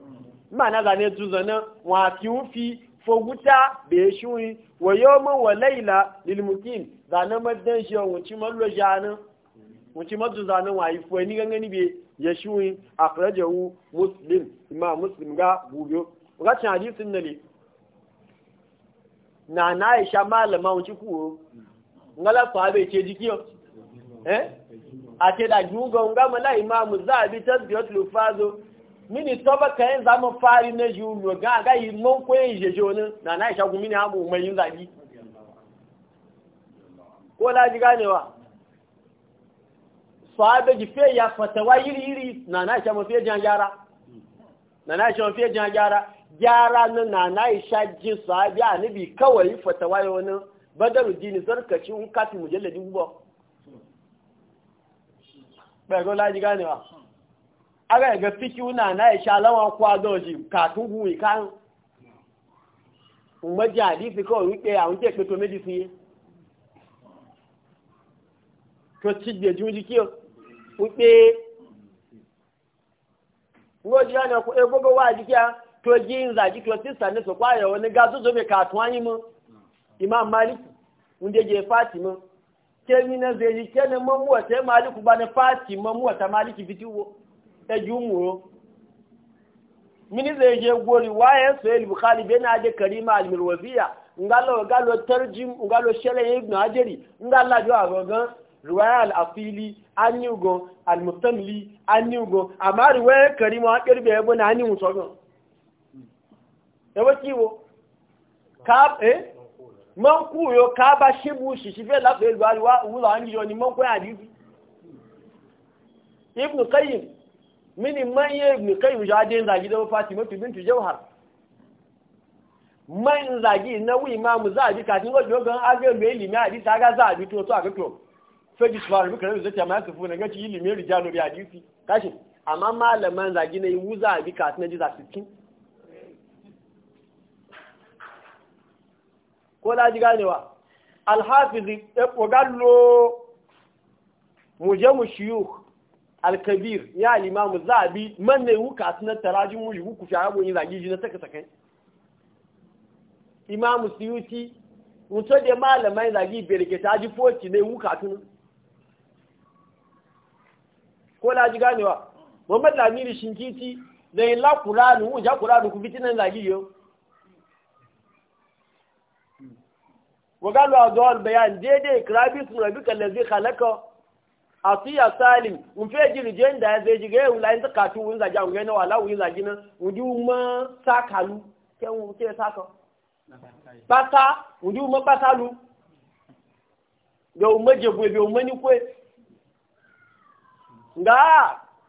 mana zane juzana wa fi foguta bi yashuji wa yawma wa layla lil muqim zane madan shi wuci mallo jana wuci madu zane wa ifu ni gangani bi yashuji akhrajahu muslim imam muslim ga bubiyo wakacin hadisin na ne na na ya e sha malama wuce kuwa ngala sahabe ce jikiyo eh a ce da juga nga mala imamu za a bi tasbiyat lufazo mini toba kayan zama fari na julu ga ga yi mon koyin jejo ne na na ya sha gumi ne abu mai yin zabi ko na ji ganewa sahabe ji fe ya fatawa yiri yiri na na ya e sha mafi jan gyara na na ya e sha mafi jan gyara gyara na na na isha jin sahabi annabi kawai fatawa ya wani badaru dini sarkaci un kafi mujalladin ba bai ga laji ganewa aga ga fiki una na isha lawan kwa doji tun huwi kan mo jẹ àdífi kọ́ wípé àwọn jẹ́ pé tó méjì fún yé tó ti gbèjú ní kí o wípé ngó jẹ́ ọ̀nà ẹgbógó wà jíkíá to yin zaji to sista ne so kwaye wani ga zo zo be ka tuwan yi mu imam maliki unde je fatima kemi na zeji kene mamu wata maliku ba na fatima mu wata maliki fitiwo ta e jumuro mini zai je gori waye sayil bukhari bin aje karima al-mirwaziya ngalo ngalo tarjim ngalo shele ibn ajeri ngalla jo agoga riwaya al-afili anyugo al-mustamli anyugo amma riwaya karima akerbe ibn ani musogo ẹwọ́ kí wo mọ́nkú yóò káàbá ṣíbù ṣìṣífẹ́ láti ìlú àríwá wúlọ àníyàn ni mọ́nkú àdíjú ibùn kayyìn mini manye ibùn kayyìn ṣe adé ń zàgí lọ́wọ́ fásitì mọ́tò bí n tù jẹ́wàá man zàgí náwó ìmáàmù záàbí kàtí ń gọ́jọ́ gan agbègbè ìlìmí àdísí agá záàbí tó tó àkókò fẹ́jì sùfàrù bí kẹrẹ́rù zẹ́tì àmà kẹfù nà gẹ́tì ìlìmí rìjà lórí àdísí káṣì àmà máa lẹ̀ na ìwú záàbí kàtí na jí zàtì ko da laji ganewa alhafizi wagallo eh, mu shiyuk alkabir ya limamu zabi man ne wuka sunan tarajin mushi huku fi abu yin zagi na saka sakai imamu suyuti mutu da malamai zagi berke ta ji foci ne wuka tun ko da laji ganewa muhammad lamini shinkiti da yin la kuranu wuja kuranu ku fitinan zagi yau وقالوا أضوى البيان دي دي كرابي اسم ربك الذي خلقه أطيع سالم ومفيجي رجين دا زيجي غير ولا انت قاتو وانزا جاو غينا ولا وانزا جينا وديو ما ساكالو كيو كيو ساكو باتا وديو ما باتالو yau maje gobe yau mani kwe ga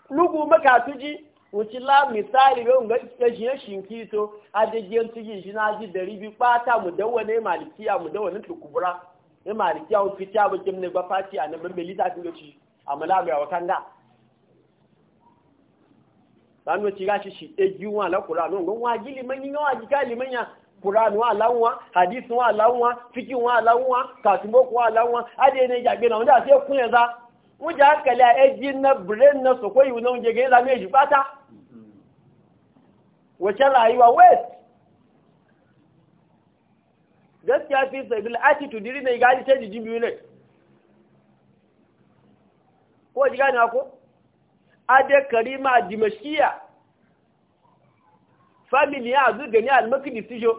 lugu makatuji wuci la misali ga unga ya shi e ya shinki to a dajiyan cikin shi na ji dari biyu fata mu dawa ne malikiya mu dawa ne tukubura ne malikiya mu fita ba kim ne ba fati a nan bambali ta tun gaci a malaga wa kanga dan wuci ga shi shi e giwa la qur'an ngon wa gili man yin wa gika liman ya wa lawa hadith wa lawa fiqh wa lawa kasubo wa lawa ade ne jagbe na wanda sai kun yanzu mun ja kala ejin na brain na sokoyi na unje ga la meji pata wace rayuwa west gaskiya fi sabil attitude irin da igali ta jijin biyu ne ko ji gane ko ade karima dimashkiya family ya zu gani al-makdis jo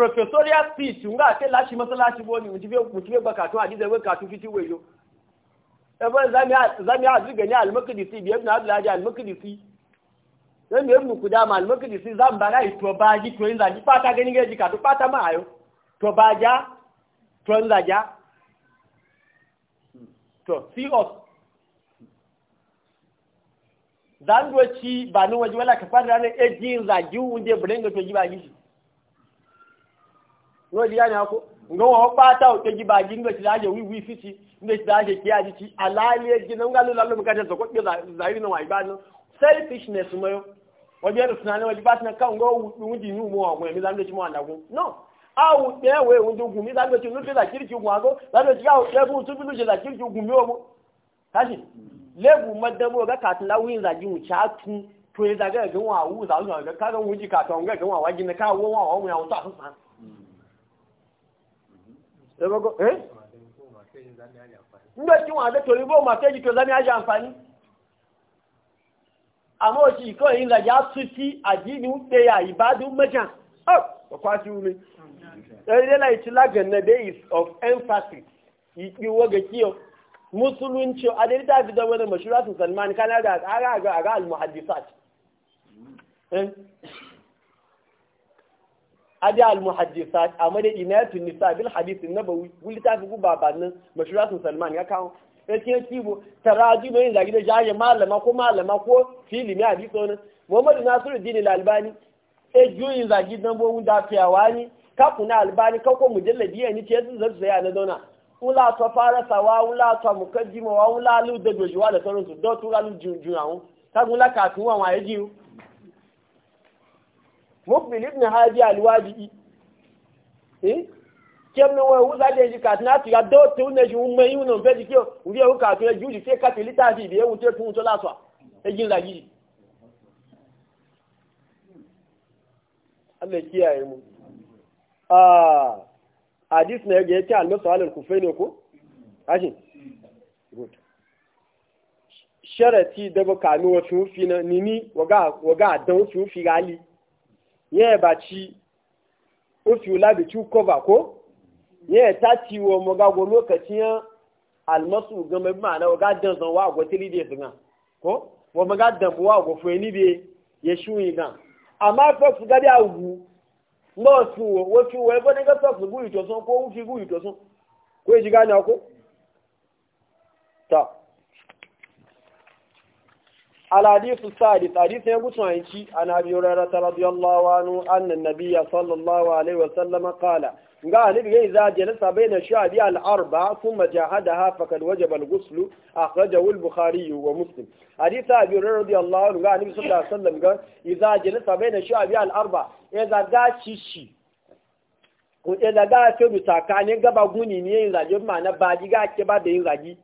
professorial speech nga te lashi masalashi boni mutibe mutibe bakatu adize we katu fiti weyo ebe zami a azu gani al biyar na ibn abdullah al-makdisi sai mai mu kuda malaman kudi sai zan ba rai to ba ji to yin zaji ka to ma ayo to ba ja to yin zaja to see us zan doci ba ni waje wala ka fara ne ejin zaji wunde burenga to ji ba gishi no diya ne ko nga wa pata o teji ba ji ngo tilaje wi wi fiti ngo tilaje kiya ji ci alali ejin nga lo lalo mukata to ko za zairi no wa ibano selfishness moyo wajen da suna wajen ba suna kan gawo wuji ni mu wa gwemi zan doci mu wanda gun no a wu ɗaya wai wuji gumi zan doci nufi da kirki gwago zan doci ya ɗaya bu tufi nufi da kirki gumi mi mu kashi lebu madabo ga katin lawuyin zagi mu ci tun to ya zaga gan wa wu za su ga kaga wuji katon ga gan wa waji na kawo wa wa mu ya wuta sun san eh ndo ki wa da tori bo ma teji to zani aja amfani àmọ́ òṣì ìkọ́ yìí lẹ̀yà tún sí àjíní ń pè à ìbádùn mẹ́jà ọ̀pọ̀pájú ìtìlágẹ̀nẹ̀dẹ́ is of emphasis ìpínwọ́gẹ̀ kí o musulunci adẹ́rítà fi dánwọ́ ní mashiratun salman canada àgbà wuli ta fi ya yake kibo taraji mai zagi da jaje malama ko malama ko filimi a biso ne muhammadu nasiru dini lalbani e juyin zagi don bo da fiyawa ni ka kuna albani ka ko mujalladi ya ni ce zan zai ya na zauna ula to fara sawa ula to ma wa ula lu da dojuwa da sauran su do tura lu junjun awon ka gula ka tun wa waye jiu mukbil ibn hadi alwaji eh kemne wo uza de ji kat na ti ga do tu ne ji un me yun no be ji kio u ye u ka tu e ju di se ka ti lita ji e un te fun to la so e jin la ji Allah kiyaye mu ah hadis ne ga yake Allah sallallahu kufai ne ko ashin good sharati da ba kanu wa tufi na nini waga waga dan tufi gali ye ba ci o fi ula ko ya ta ciwo mu ga go lokacin almasu ga mai ma na ga dan zan wa go 3 days ga ko wa mu ga dan wa go fe ni be ya shuyi ga amma fa su ga da wu mo su wo wo su wo e ga so su gu ito so ko wu fi gu ito so ko e ji ga na ko ta الحديث الثالث حديث يقول عن أبي هريرة رضي الله عنه أن النبي صلى الله عليه وسلم قال ga halibi yayi za jalasa baina shabi al-arba thumma jahadaha faqad wajaba al-ghusl akhrajahu al-bukhari wa muslim hadith abi radiyallahu anhu ga halibi sallallahu alaihi wasallam ga idza jalasa baina shabi al-arba idza e ga shishi ko e idza ga to bisakanin gaba guni ne yin zaje ma na baji ga ke ba da yin zaji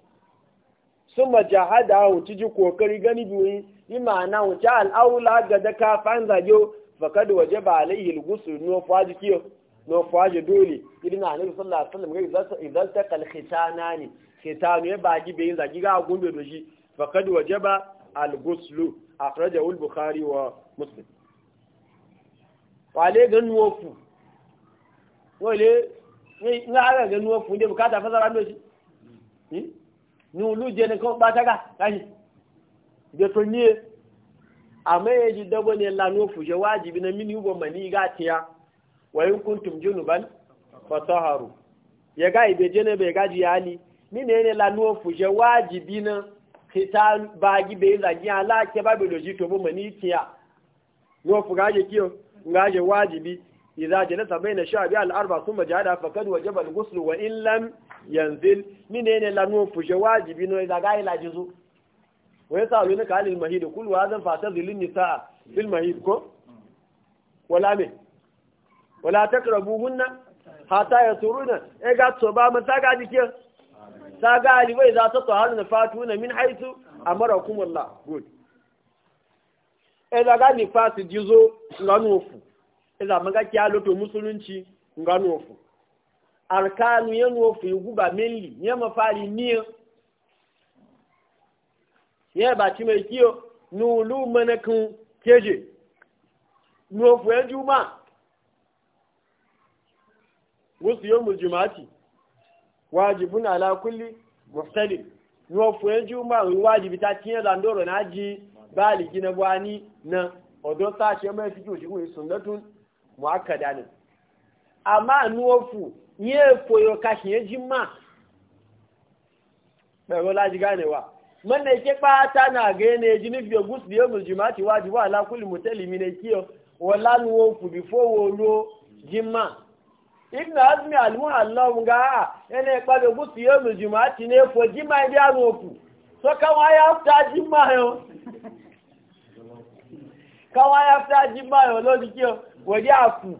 thumma jahadahu tiji kokari gani biyu bi ma'ana wuce al-aula ga da kafan zaje faqad wajaba alayhi al-ghusl no faji kiyo no kwaje dole irin na annabi sallah sallam ga idan ta kalkhitana ne khitanu ya baji bayin zagi ga gumbe do shi faqad wajaba al-ghusl akhraja al-bukhari wa muslim wale gan wofu wale nga aga gan wofu de bukata fasara do shi hmm? ni ulu je ne ko ba ta ga kai je to ni amma yaji dabo ne la fu je wajibi na mini ubo mani ga tiya wayin kuntum junuban fataharu ya ga ibe jene be gaji yali ni ne ne la nuo fuje wajibi na kita bagi be za gi ala ke ba be loji to bo mani kiya nuo fugaje kiyo ngaje wajibi idza jalasa baina sha'bi al arba thumma jahada faqad wajaba al ghusl wa in lam yanzil ni ne ne la nuo fuje wajibi no idza ga ila jizu wa yasalunaka al mahid kul wa zan fata zilin nisaa bil mahid ko wala me wala hunna hata yasuruna e ga to ba mu saga dike saga alibai za ta fatu na min haitu amarakum Allah good e da ga ni fasi jizo nganu ofu e da maga kiya loto musulunci nganu ofu arkanu yanu ofu guba meli nyama fali niyo ya ba ti mai kiyo nulu manakun keje nufu juma wasu yawon jima'ati wajibun ala kulli muhtalin ni wọ́n fún ẹjú ta tíyẹ́ landoro náà jí báàlì gina na ọ̀dọ́ sáṣẹ́ mẹ́ fi jù ṣíkú ìsùn lọ́tún mọ́ àkàdá ni a máa ní wọ́n fún yẹ́ èfò yóò kàṣì yẹ́ jí máa pẹ̀rọ láti gánewa mọ́nà ìṣẹ́ pátá náà gẹ́ ní ẹjí níbi ogún sí yóò jù máa ti wájú wà lákùlù mọ́tẹ́lì mi ní kí ibn azmi almuhallam ga ene ma busu na jumaati ji fo jima ahụ aroku so kawa ya ji jima yo kawa ya after jima yo lo di kio wodi afu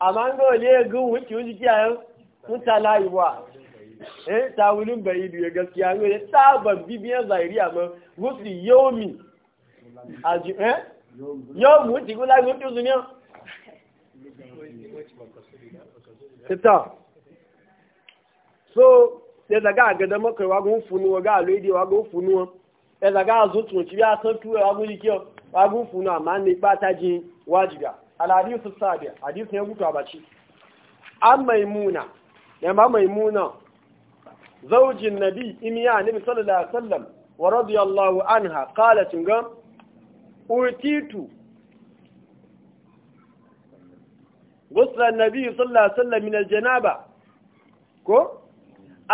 amango le gun iwa eh tawulun bai biye gaskiya ne saban bibiyan zairi amma busu yomi eh tita so ya zaga ga da makai wa gun funu wa ga alwede wa gun funu ya zaga zo tun ci ya san tuwa wa gun kiyo wa gun funu amma ne ba ta ji wajiba al hadithu sabi hadithu ya a abaci an maimuna ya ma maimuna zaujin nabi imiya nabi sallallahu alaihi wasallam wa radiyallahu anha qalat ngam Urtitu. غسل النبي صلى الله عليه وسلم من الجنابة كو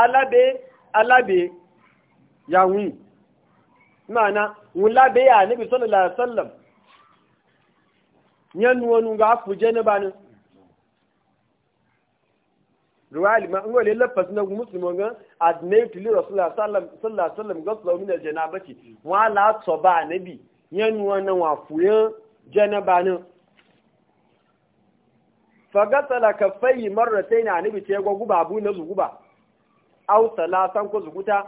ألابي ألابي يعوي معنى ولابي يا نبي صلى الله عليه وسلم ينوى نغاف جنبان رواية ما نقول إلا فسنا مسلم وقال أدنيت لرسول الله صلى الله عليه وسلم غسله من الجنابة وعلى صبع نبي ينوى نوافيا جنبانه fagasala kaffai marratai na nabi ce gwa guba abu na zuguba au salasan ko zuguta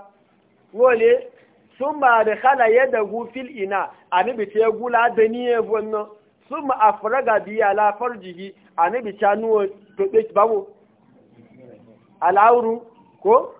wole summa da khala yadahu fil ina anabi ce gula da ni e bonno a faraga bi ala farjihi anabi ta nuwo to be bawo alauru ko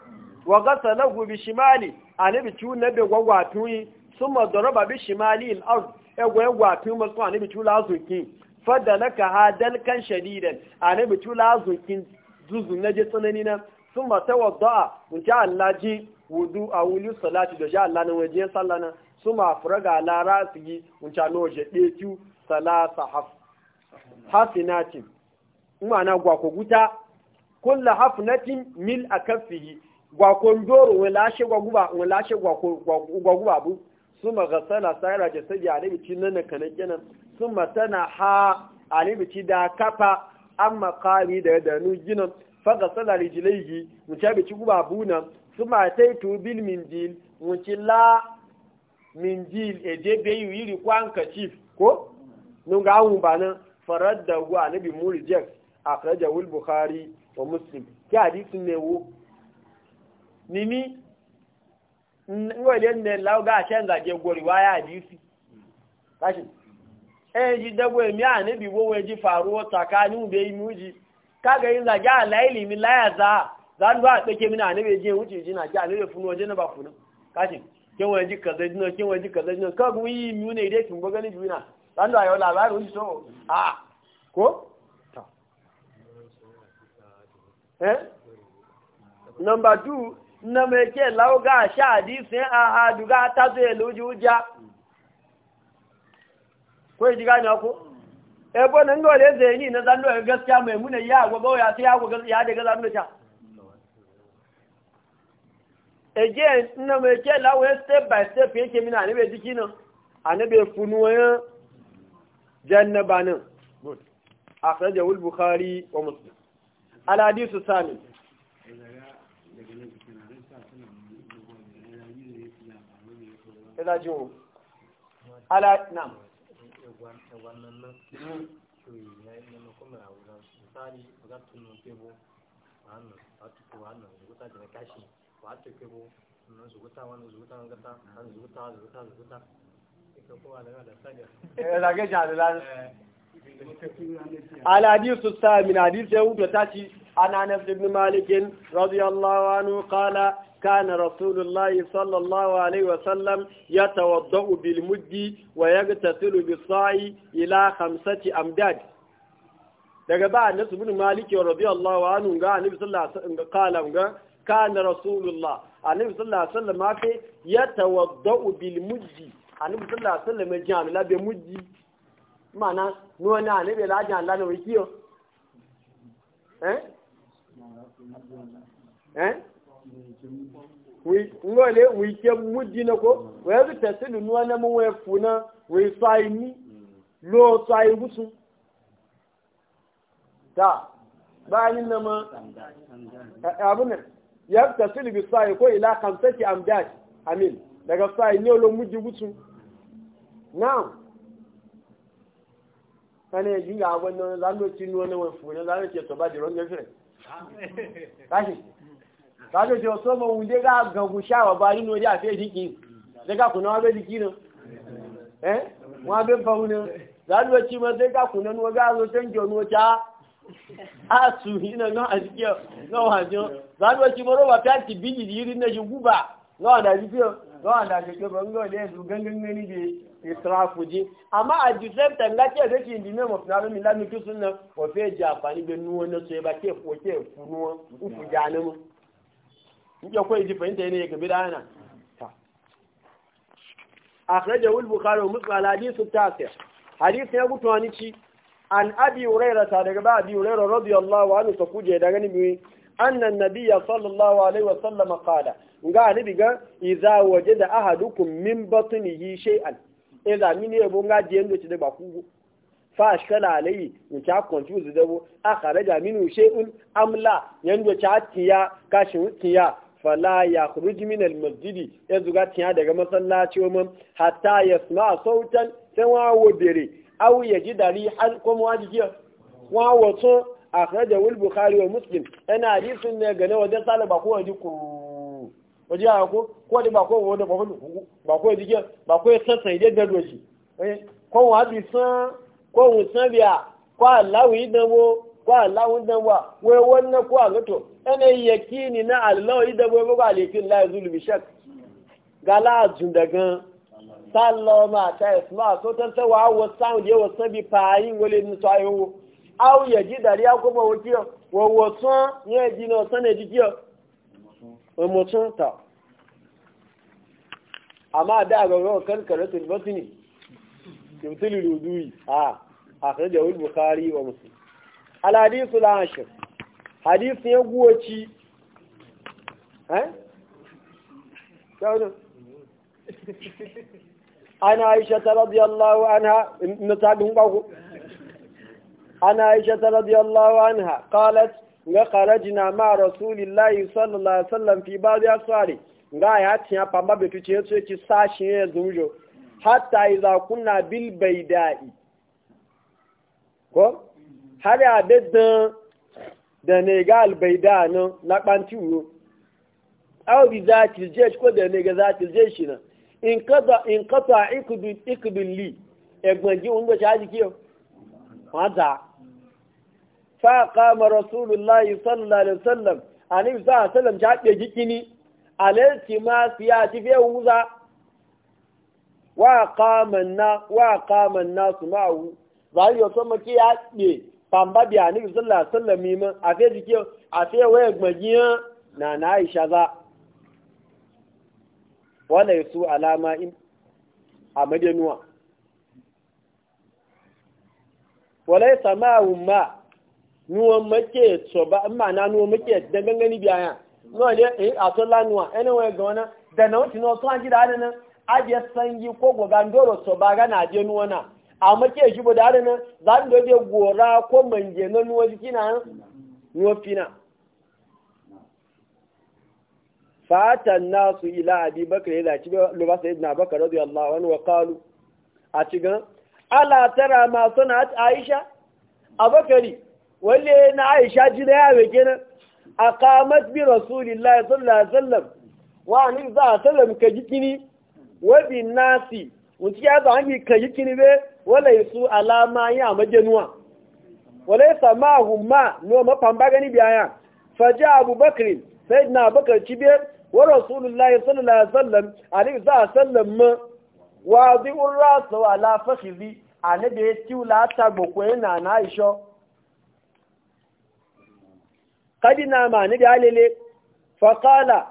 wa ghasalahu bi shimali anabi tu na yi be gwagwatun summa daraba bi shimali al ard e gwagwatun masu anabi tu lazuki fadda na ka ha dalkan shadidan a na bitu lazukin zuzun na je tsanani na sun mata wadda'a mun ci Allah ji wudu a wuli salati da sha Allah na waje sallah na su ma furaga lara su yi mun ci Allah waje ɗetu salasa hafinatin ma'ana gwako guta kulla hafinatin mil a kafihi gwakon doro walashe gwaguba walashe gwako gwaguba bu su ma gasala sayar da sabi sai ya bitu nan na kanan kenan suma tana ha alibici da kafa an makari da danu ginin faga tsada rijilaihi wuce bici guba buna ta yi tubil minjil wuce la minjil eje bayi an ka kashif ko nun ga hun ba nan farar da gu muri jek a wul bukhari wa muslim ki hadisin ne wo nini ngwale ne lauga a shan zage gori waya hadisi kashi ɗayan ji dabo emi a nabi ji faruwa tsakanin da yi muji kaga yin zage a laili mi laya za za a ɗauke mini a ji ji na a nabi funu na ba kashi kin wani ji kaza jina kin wani ji jina ka yi mi ne dai kin gani juna za yau labarin a ko ji gane eh, ko e bo nan dole zai ni na zallo gaskiya mai muna ya gogo ya sai ya gogo ya daga zallo ta again ina mai ke we step by step yake mina ne be jiki nan anabe funuwa jannaba nan akhrajahu al-bukhari wa muslim al-hadith sami ila jiwo ala na'am wannan to ya yi nan kuma a wurin misali ga tunun kebo wannan a tuku wannan zuguta da kashi ba ta kebo nan zuguta wannan zuguta wannan gata nan zuguta zuguta zuguta ita kowa da da sanya eh lage jami'an الحديث الثامن حديث يهود وتاتي عن انس بن مالك رضي الله عنه قال كان رسول الله صلى الله عليه وسلم يتوضا بالمد ويغتسل بالصاع الى خمسه امداد daga ba annabi ibn malik radiyallahu anhu sallallahu alaihi wasallam qala ga rasulullah bil mujji ya jami la mujji mana nuwa na ne bai lajin Allah na wiki yo eh eh wi ngole wi ke mudi na ko wa yabi tasilu nuwa na mun wa funa wi sai ni lo sai busu ta bayanin na ma eh, abun yabi tasilu bi sai ko ila kamsati amdad amin daga sai ne lo mudi busu na'am kana yi ga wannan zanoci na wani funan zanoci to ba jiron gafe kashi kashi ce wasu ma wunde ga gagusha wa ba yi nori a jiki sai ka kuna jiki ma na nan a jiki na wajen zanoci ma roba ta na guba don ala da ke bango da yanzu gangan gani da israfu je amma a ta tanga ke da ke indime mafi nanu mila lami kisun nan fe ji amfani da nuwa na soye ba ke ke kunuwa uku jani mu nke kwa iji fahimta ne ya gabi da ana akhrajahu al-bukhari wa muslim ala hadith at-tasi' hadith ya gutu ani ci an abi hurairah ta daga ba abi hurairah radiyallahu anhu ta kuje daga ni bi anna nabiyya sallallahu alaihi wa sallam qala nga anabi ga iza waje da ahadukum min batnihi shay'an iza mini ebo nga di endo ci de bakugo fa ashkala alayhi ni cha confuse debo akharaja minu shay'un amla yando cha tiya kashin tiya fala ya khuruji min al masjid yanzu ga tiya daga masallaci mun hatta yasma sautan sai wa wodere aw yaji dari hal ko waji wa wato akhraja al bukhari wa muslim ana hadisin ne gane wa da salaba ko waji ku waje ko ko ba ko ba ko ba ko eh, ko san biya ko ko wa ko na Allah yi shak gala daga sallama ta isma so tan ta san bi pa wo mutunta amma da dá rawar karkar sun basu ne kimtili ruduyi a akwai da wul bukari wa musu alhadisu la'ashir hadisu ya guwaci eh? أنا عائشة رضي الله عنها نتعلم nga kharajina ma rasulillahi sallallahu alaihi wasallam fi ba'd asari nga ya tiya pamba betu ce ce ci sashi ya zujo hatta idza kunna bil baydai ko har ya bedda da ne ga al bayda na kwanti wuro aw bi za ki je ko da ne ga za je shi na in kada in qata ikbi ikbi li egbanji un go shaji kiyo wa da fa qama rasulullahi sallallahu alaihi wasallam ani sa sallam ja ke gikini alaiti ma siya ti fe wuza wa na wa qama na su ma'u zai yo so maki ya ke pamba bi ani sallallahu alaihi wasallam mi ma afi jike afi waye gbagiya na na Aisha za wala yasu alama a madanuwa wala sama ma nuwa make so ba amma na nuwa make da gangani biya ya nuwa ne eh a to lanuwa anyway ga wana da na wuce no to an gida adana aje sangi ko goga ndoro so ba ga na je nuwa na a make shi bo da adana za ndo de gora ko manje na nuwa jikina nuwa fina fatan nasu ila abi bakar ya zaci luba sayyidina bakar radiyallahu anhu wa qalu a cigan ala tara ma sana'at aisha abakari wale na aisha ji da yawe kenan a kamar bi rasulillahi sallallahu alaihi wasallam wa ni za a sallam ka ji kini wabi bi nasi wuci ya za hangi ka ji kini be wala su alama ya majanuwa wala yasa ma ma no mafamba gani biya faja abubakar na abubakar cibiyar wa rasulullahi sallallahu alaihi a ni za a sallam ma wa zi'ur rasu ala fakhizi da ya tiwla ta gbogbo na na aisha kadina ma ni da alele faƙala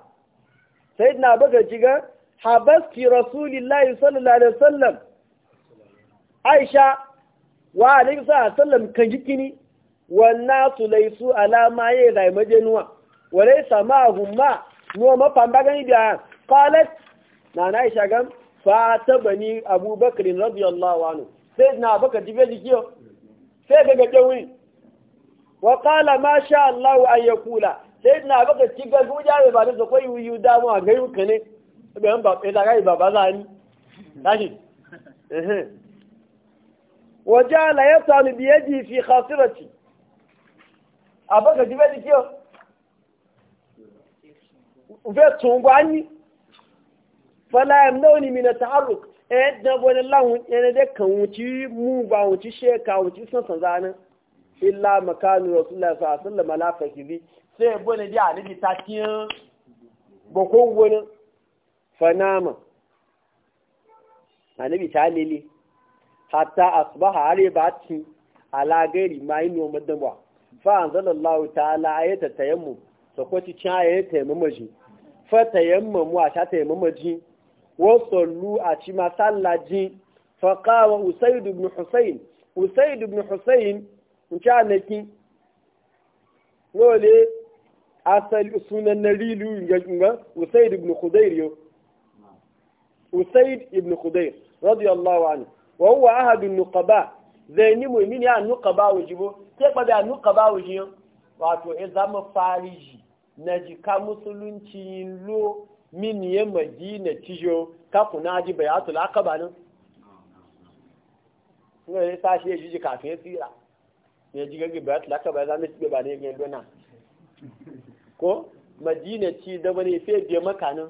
sai na baka jiga habaski rasulillahi sallallahu alaihi wasallam aisha wa alaihi sallam kan jikini wannan su laisu alama ya yi rai majenuwa wale sama humma nuwa mafamba gani da qalat na na aisha gam fa ta bani abubakar radiyallahu anhu sai na baka jibe jikiyo sai ga gajen wuri wa masha Allah an yakula sai na baka ciga guja da ba da kai yuyu ga yuka ne ba ba kai da ba za ni wa ya fi khasirati abaka dibe dikio ufe tungwa ni fala yamnawni min at-taharruk eh da wani lahu yana sheka wuci san san illa makanu rasulullah sallallahu alaihi wasallam la fakibi sai bone dia anabi takiyan boko wani fanama anabi ta lele hatta asbaha are ba ala gari ma yi no madaba fa anzalallahu ta'ala ayata tayammum sakwati cha ayata mamaji fa tayammamu a ta tayammum ji wa sallu a ci masallaji fa qawa usaid ibn husayn usaid ibn husayn nke alaki lole asali sunan na rilu ga usaid ibn khudair yo usaid ibn khudair radiyallahu anhu wa huwa ahad an-nuqaba zaini min ya nuqaba wajibo sai ba da nuqaba wajiyo wato e zama fariji na jika musulunci lo min ya madina tijo ka kuna ji bayatul aqaba nan ne sashi ya ji kafin tsira ne ji gaggi ba ta laka ba za mu ci ba ne ga dona ko madina ci da bane fe biye makanin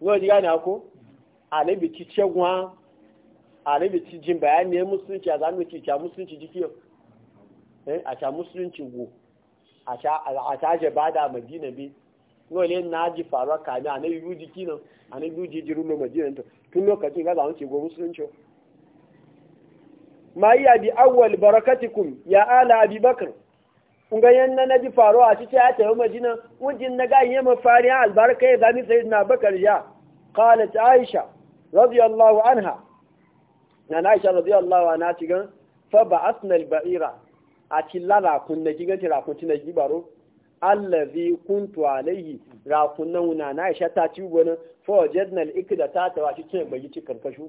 ngo ji na ko alabi ci cegwa alabi ci jin bayani ne musulunci a zanu ci ta musulunci dikiyo eh a ca musulunci go a ca a ta je bada madina bi ngo le na ji faruwa kami a ne yuji kinan a ne yuji jirulo madina to tun lokacin ga zanu ci go musulunci ma yi abi awwal barakatikum ya ala abi bakar kunga yanna na ji faruwa a cikin ya tafi majina wujin na gayin yamma fari a albarka ya zami sayyidina na bakar ya qalat aisha radiyallahu anha na aisha radiyallahu anha ci gan fa ba'athna al-ba'ira a tilala kun na gigan tira kun tina gibaro allazi kuntu alayhi ra kun nan na aisha ta ci gona fa wajadna al-ikda ta ta wa cikin ce cikin karkashu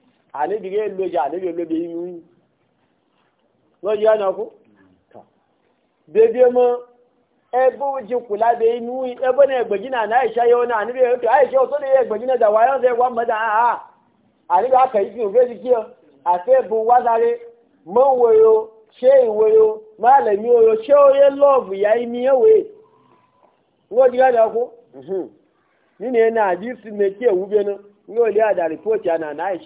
anabi ga eloji anabi elobe ime unyi lọ́jọ́ yá nàkú na mọ́ ẹgbẹ́ òjì kùlá bẹ inú ẹgbẹ́ na ẹgbẹ̀jì náà náà ìṣá yọ náà níbi ètò àìṣe ọ̀tọ́ lè ẹgbẹ̀jì náà dàwọ̀ ayọ́ ṣe wà mọ́dà àá àníbi akẹ́yí fi òfé ti kí ọ àfẹ́ bu wázáré mọ́ wòyo ṣé ìwòyo máa lẹ̀ mí oyo ṣé oyé lọ́ọ̀bù yá ní ẹ̀wẹ̀ lọ́jọ́ ya na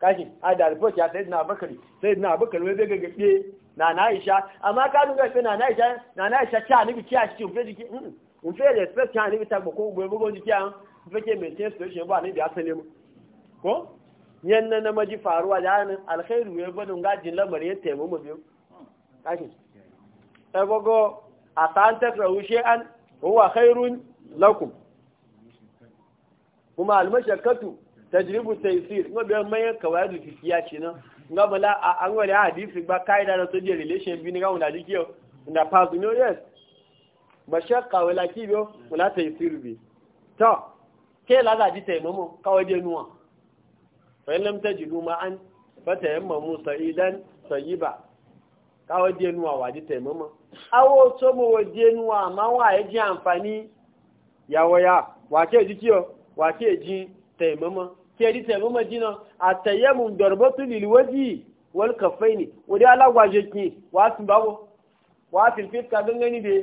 kashi a da report ya sayyidina abubakari sayyidina bakari wai zai ga gaɓe na na isha amma ka duk gaɓe na na isha na na isha ta nibi kiya shi umfe jiki mm, da respect ta nibi ta boko gobe bugo jiki an ke fake maintain situation ba nibi asali mu ko yanna na maji faruwa da hannun alkhairu ya bada ga jin lamarin ya taimu mu biyo kashi ta ɗagogo a ta'antar rahushe an huwa khairun lakum kuma almashakatu tajribu taysir ngo be maye kawai fikiya ce nan bala an wale hadisi ba kaida da soje relation bi ni ga wala dikiyo na pasu no yes mashaqqa wala kibo wala taysir bi to ke la ga dite momo kawai nuwa fa lam tajidu ma an fata yamma musa idan sayiba kawai de nuwa wa dite momo awo to mo wa nuwa ma wa ya e ji amfani yawo ya wa ke dikiyo wa ke ji taimama kedi tẹ̀mú mẹ́jìnà àtẹ̀yẹ́mù dọ̀rọ̀bọ́tù lìlú wẹ́jì wọ́n kàfẹ́ ni wọ́n dé alágbàjẹ́ kí wàá tún báwọ̀ wàá fi fi ka gẹ́gẹ́ níbi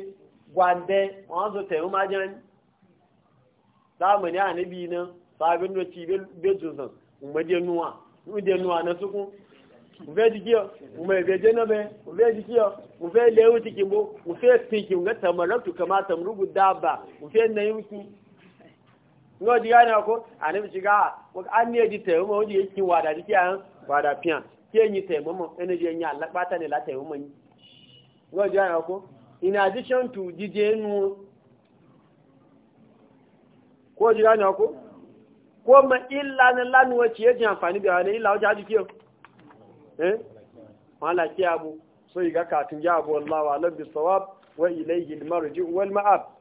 gbàndẹ́ wọ́n sọ tẹ̀mú má jẹ́ ni. sáàmù ní ànábì iná sáàbẹ̀ ní ọtí bẹ́ẹ̀ tún sàn ǹgbẹ́dẹ́ nuwa ǹgbẹ́dẹ́ nuwa náà sókún. ǹfẹ́ di kí ọ ǹmọ̀ ìgbẹ́jẹ́ náà bẹ́ ǹfẹ́ di kí ọ ǹfẹ́ lẹ́yìn ti kì ngo di yana ko anim shiga ko an ne di ma mo wodi yake wada di kiyan wada pian ke ni te mo ene je nya la pata ne la te ma ni ngo di yana ko in addition to dije nu ko di yana ko ko ma illa ne lanu wace yaji amfani da wani illa wajen haji kiyo eh wala kiyabu so iga katun ya abu wallahi wa lam bisawab wa ilayhi al-marji wal ma'ab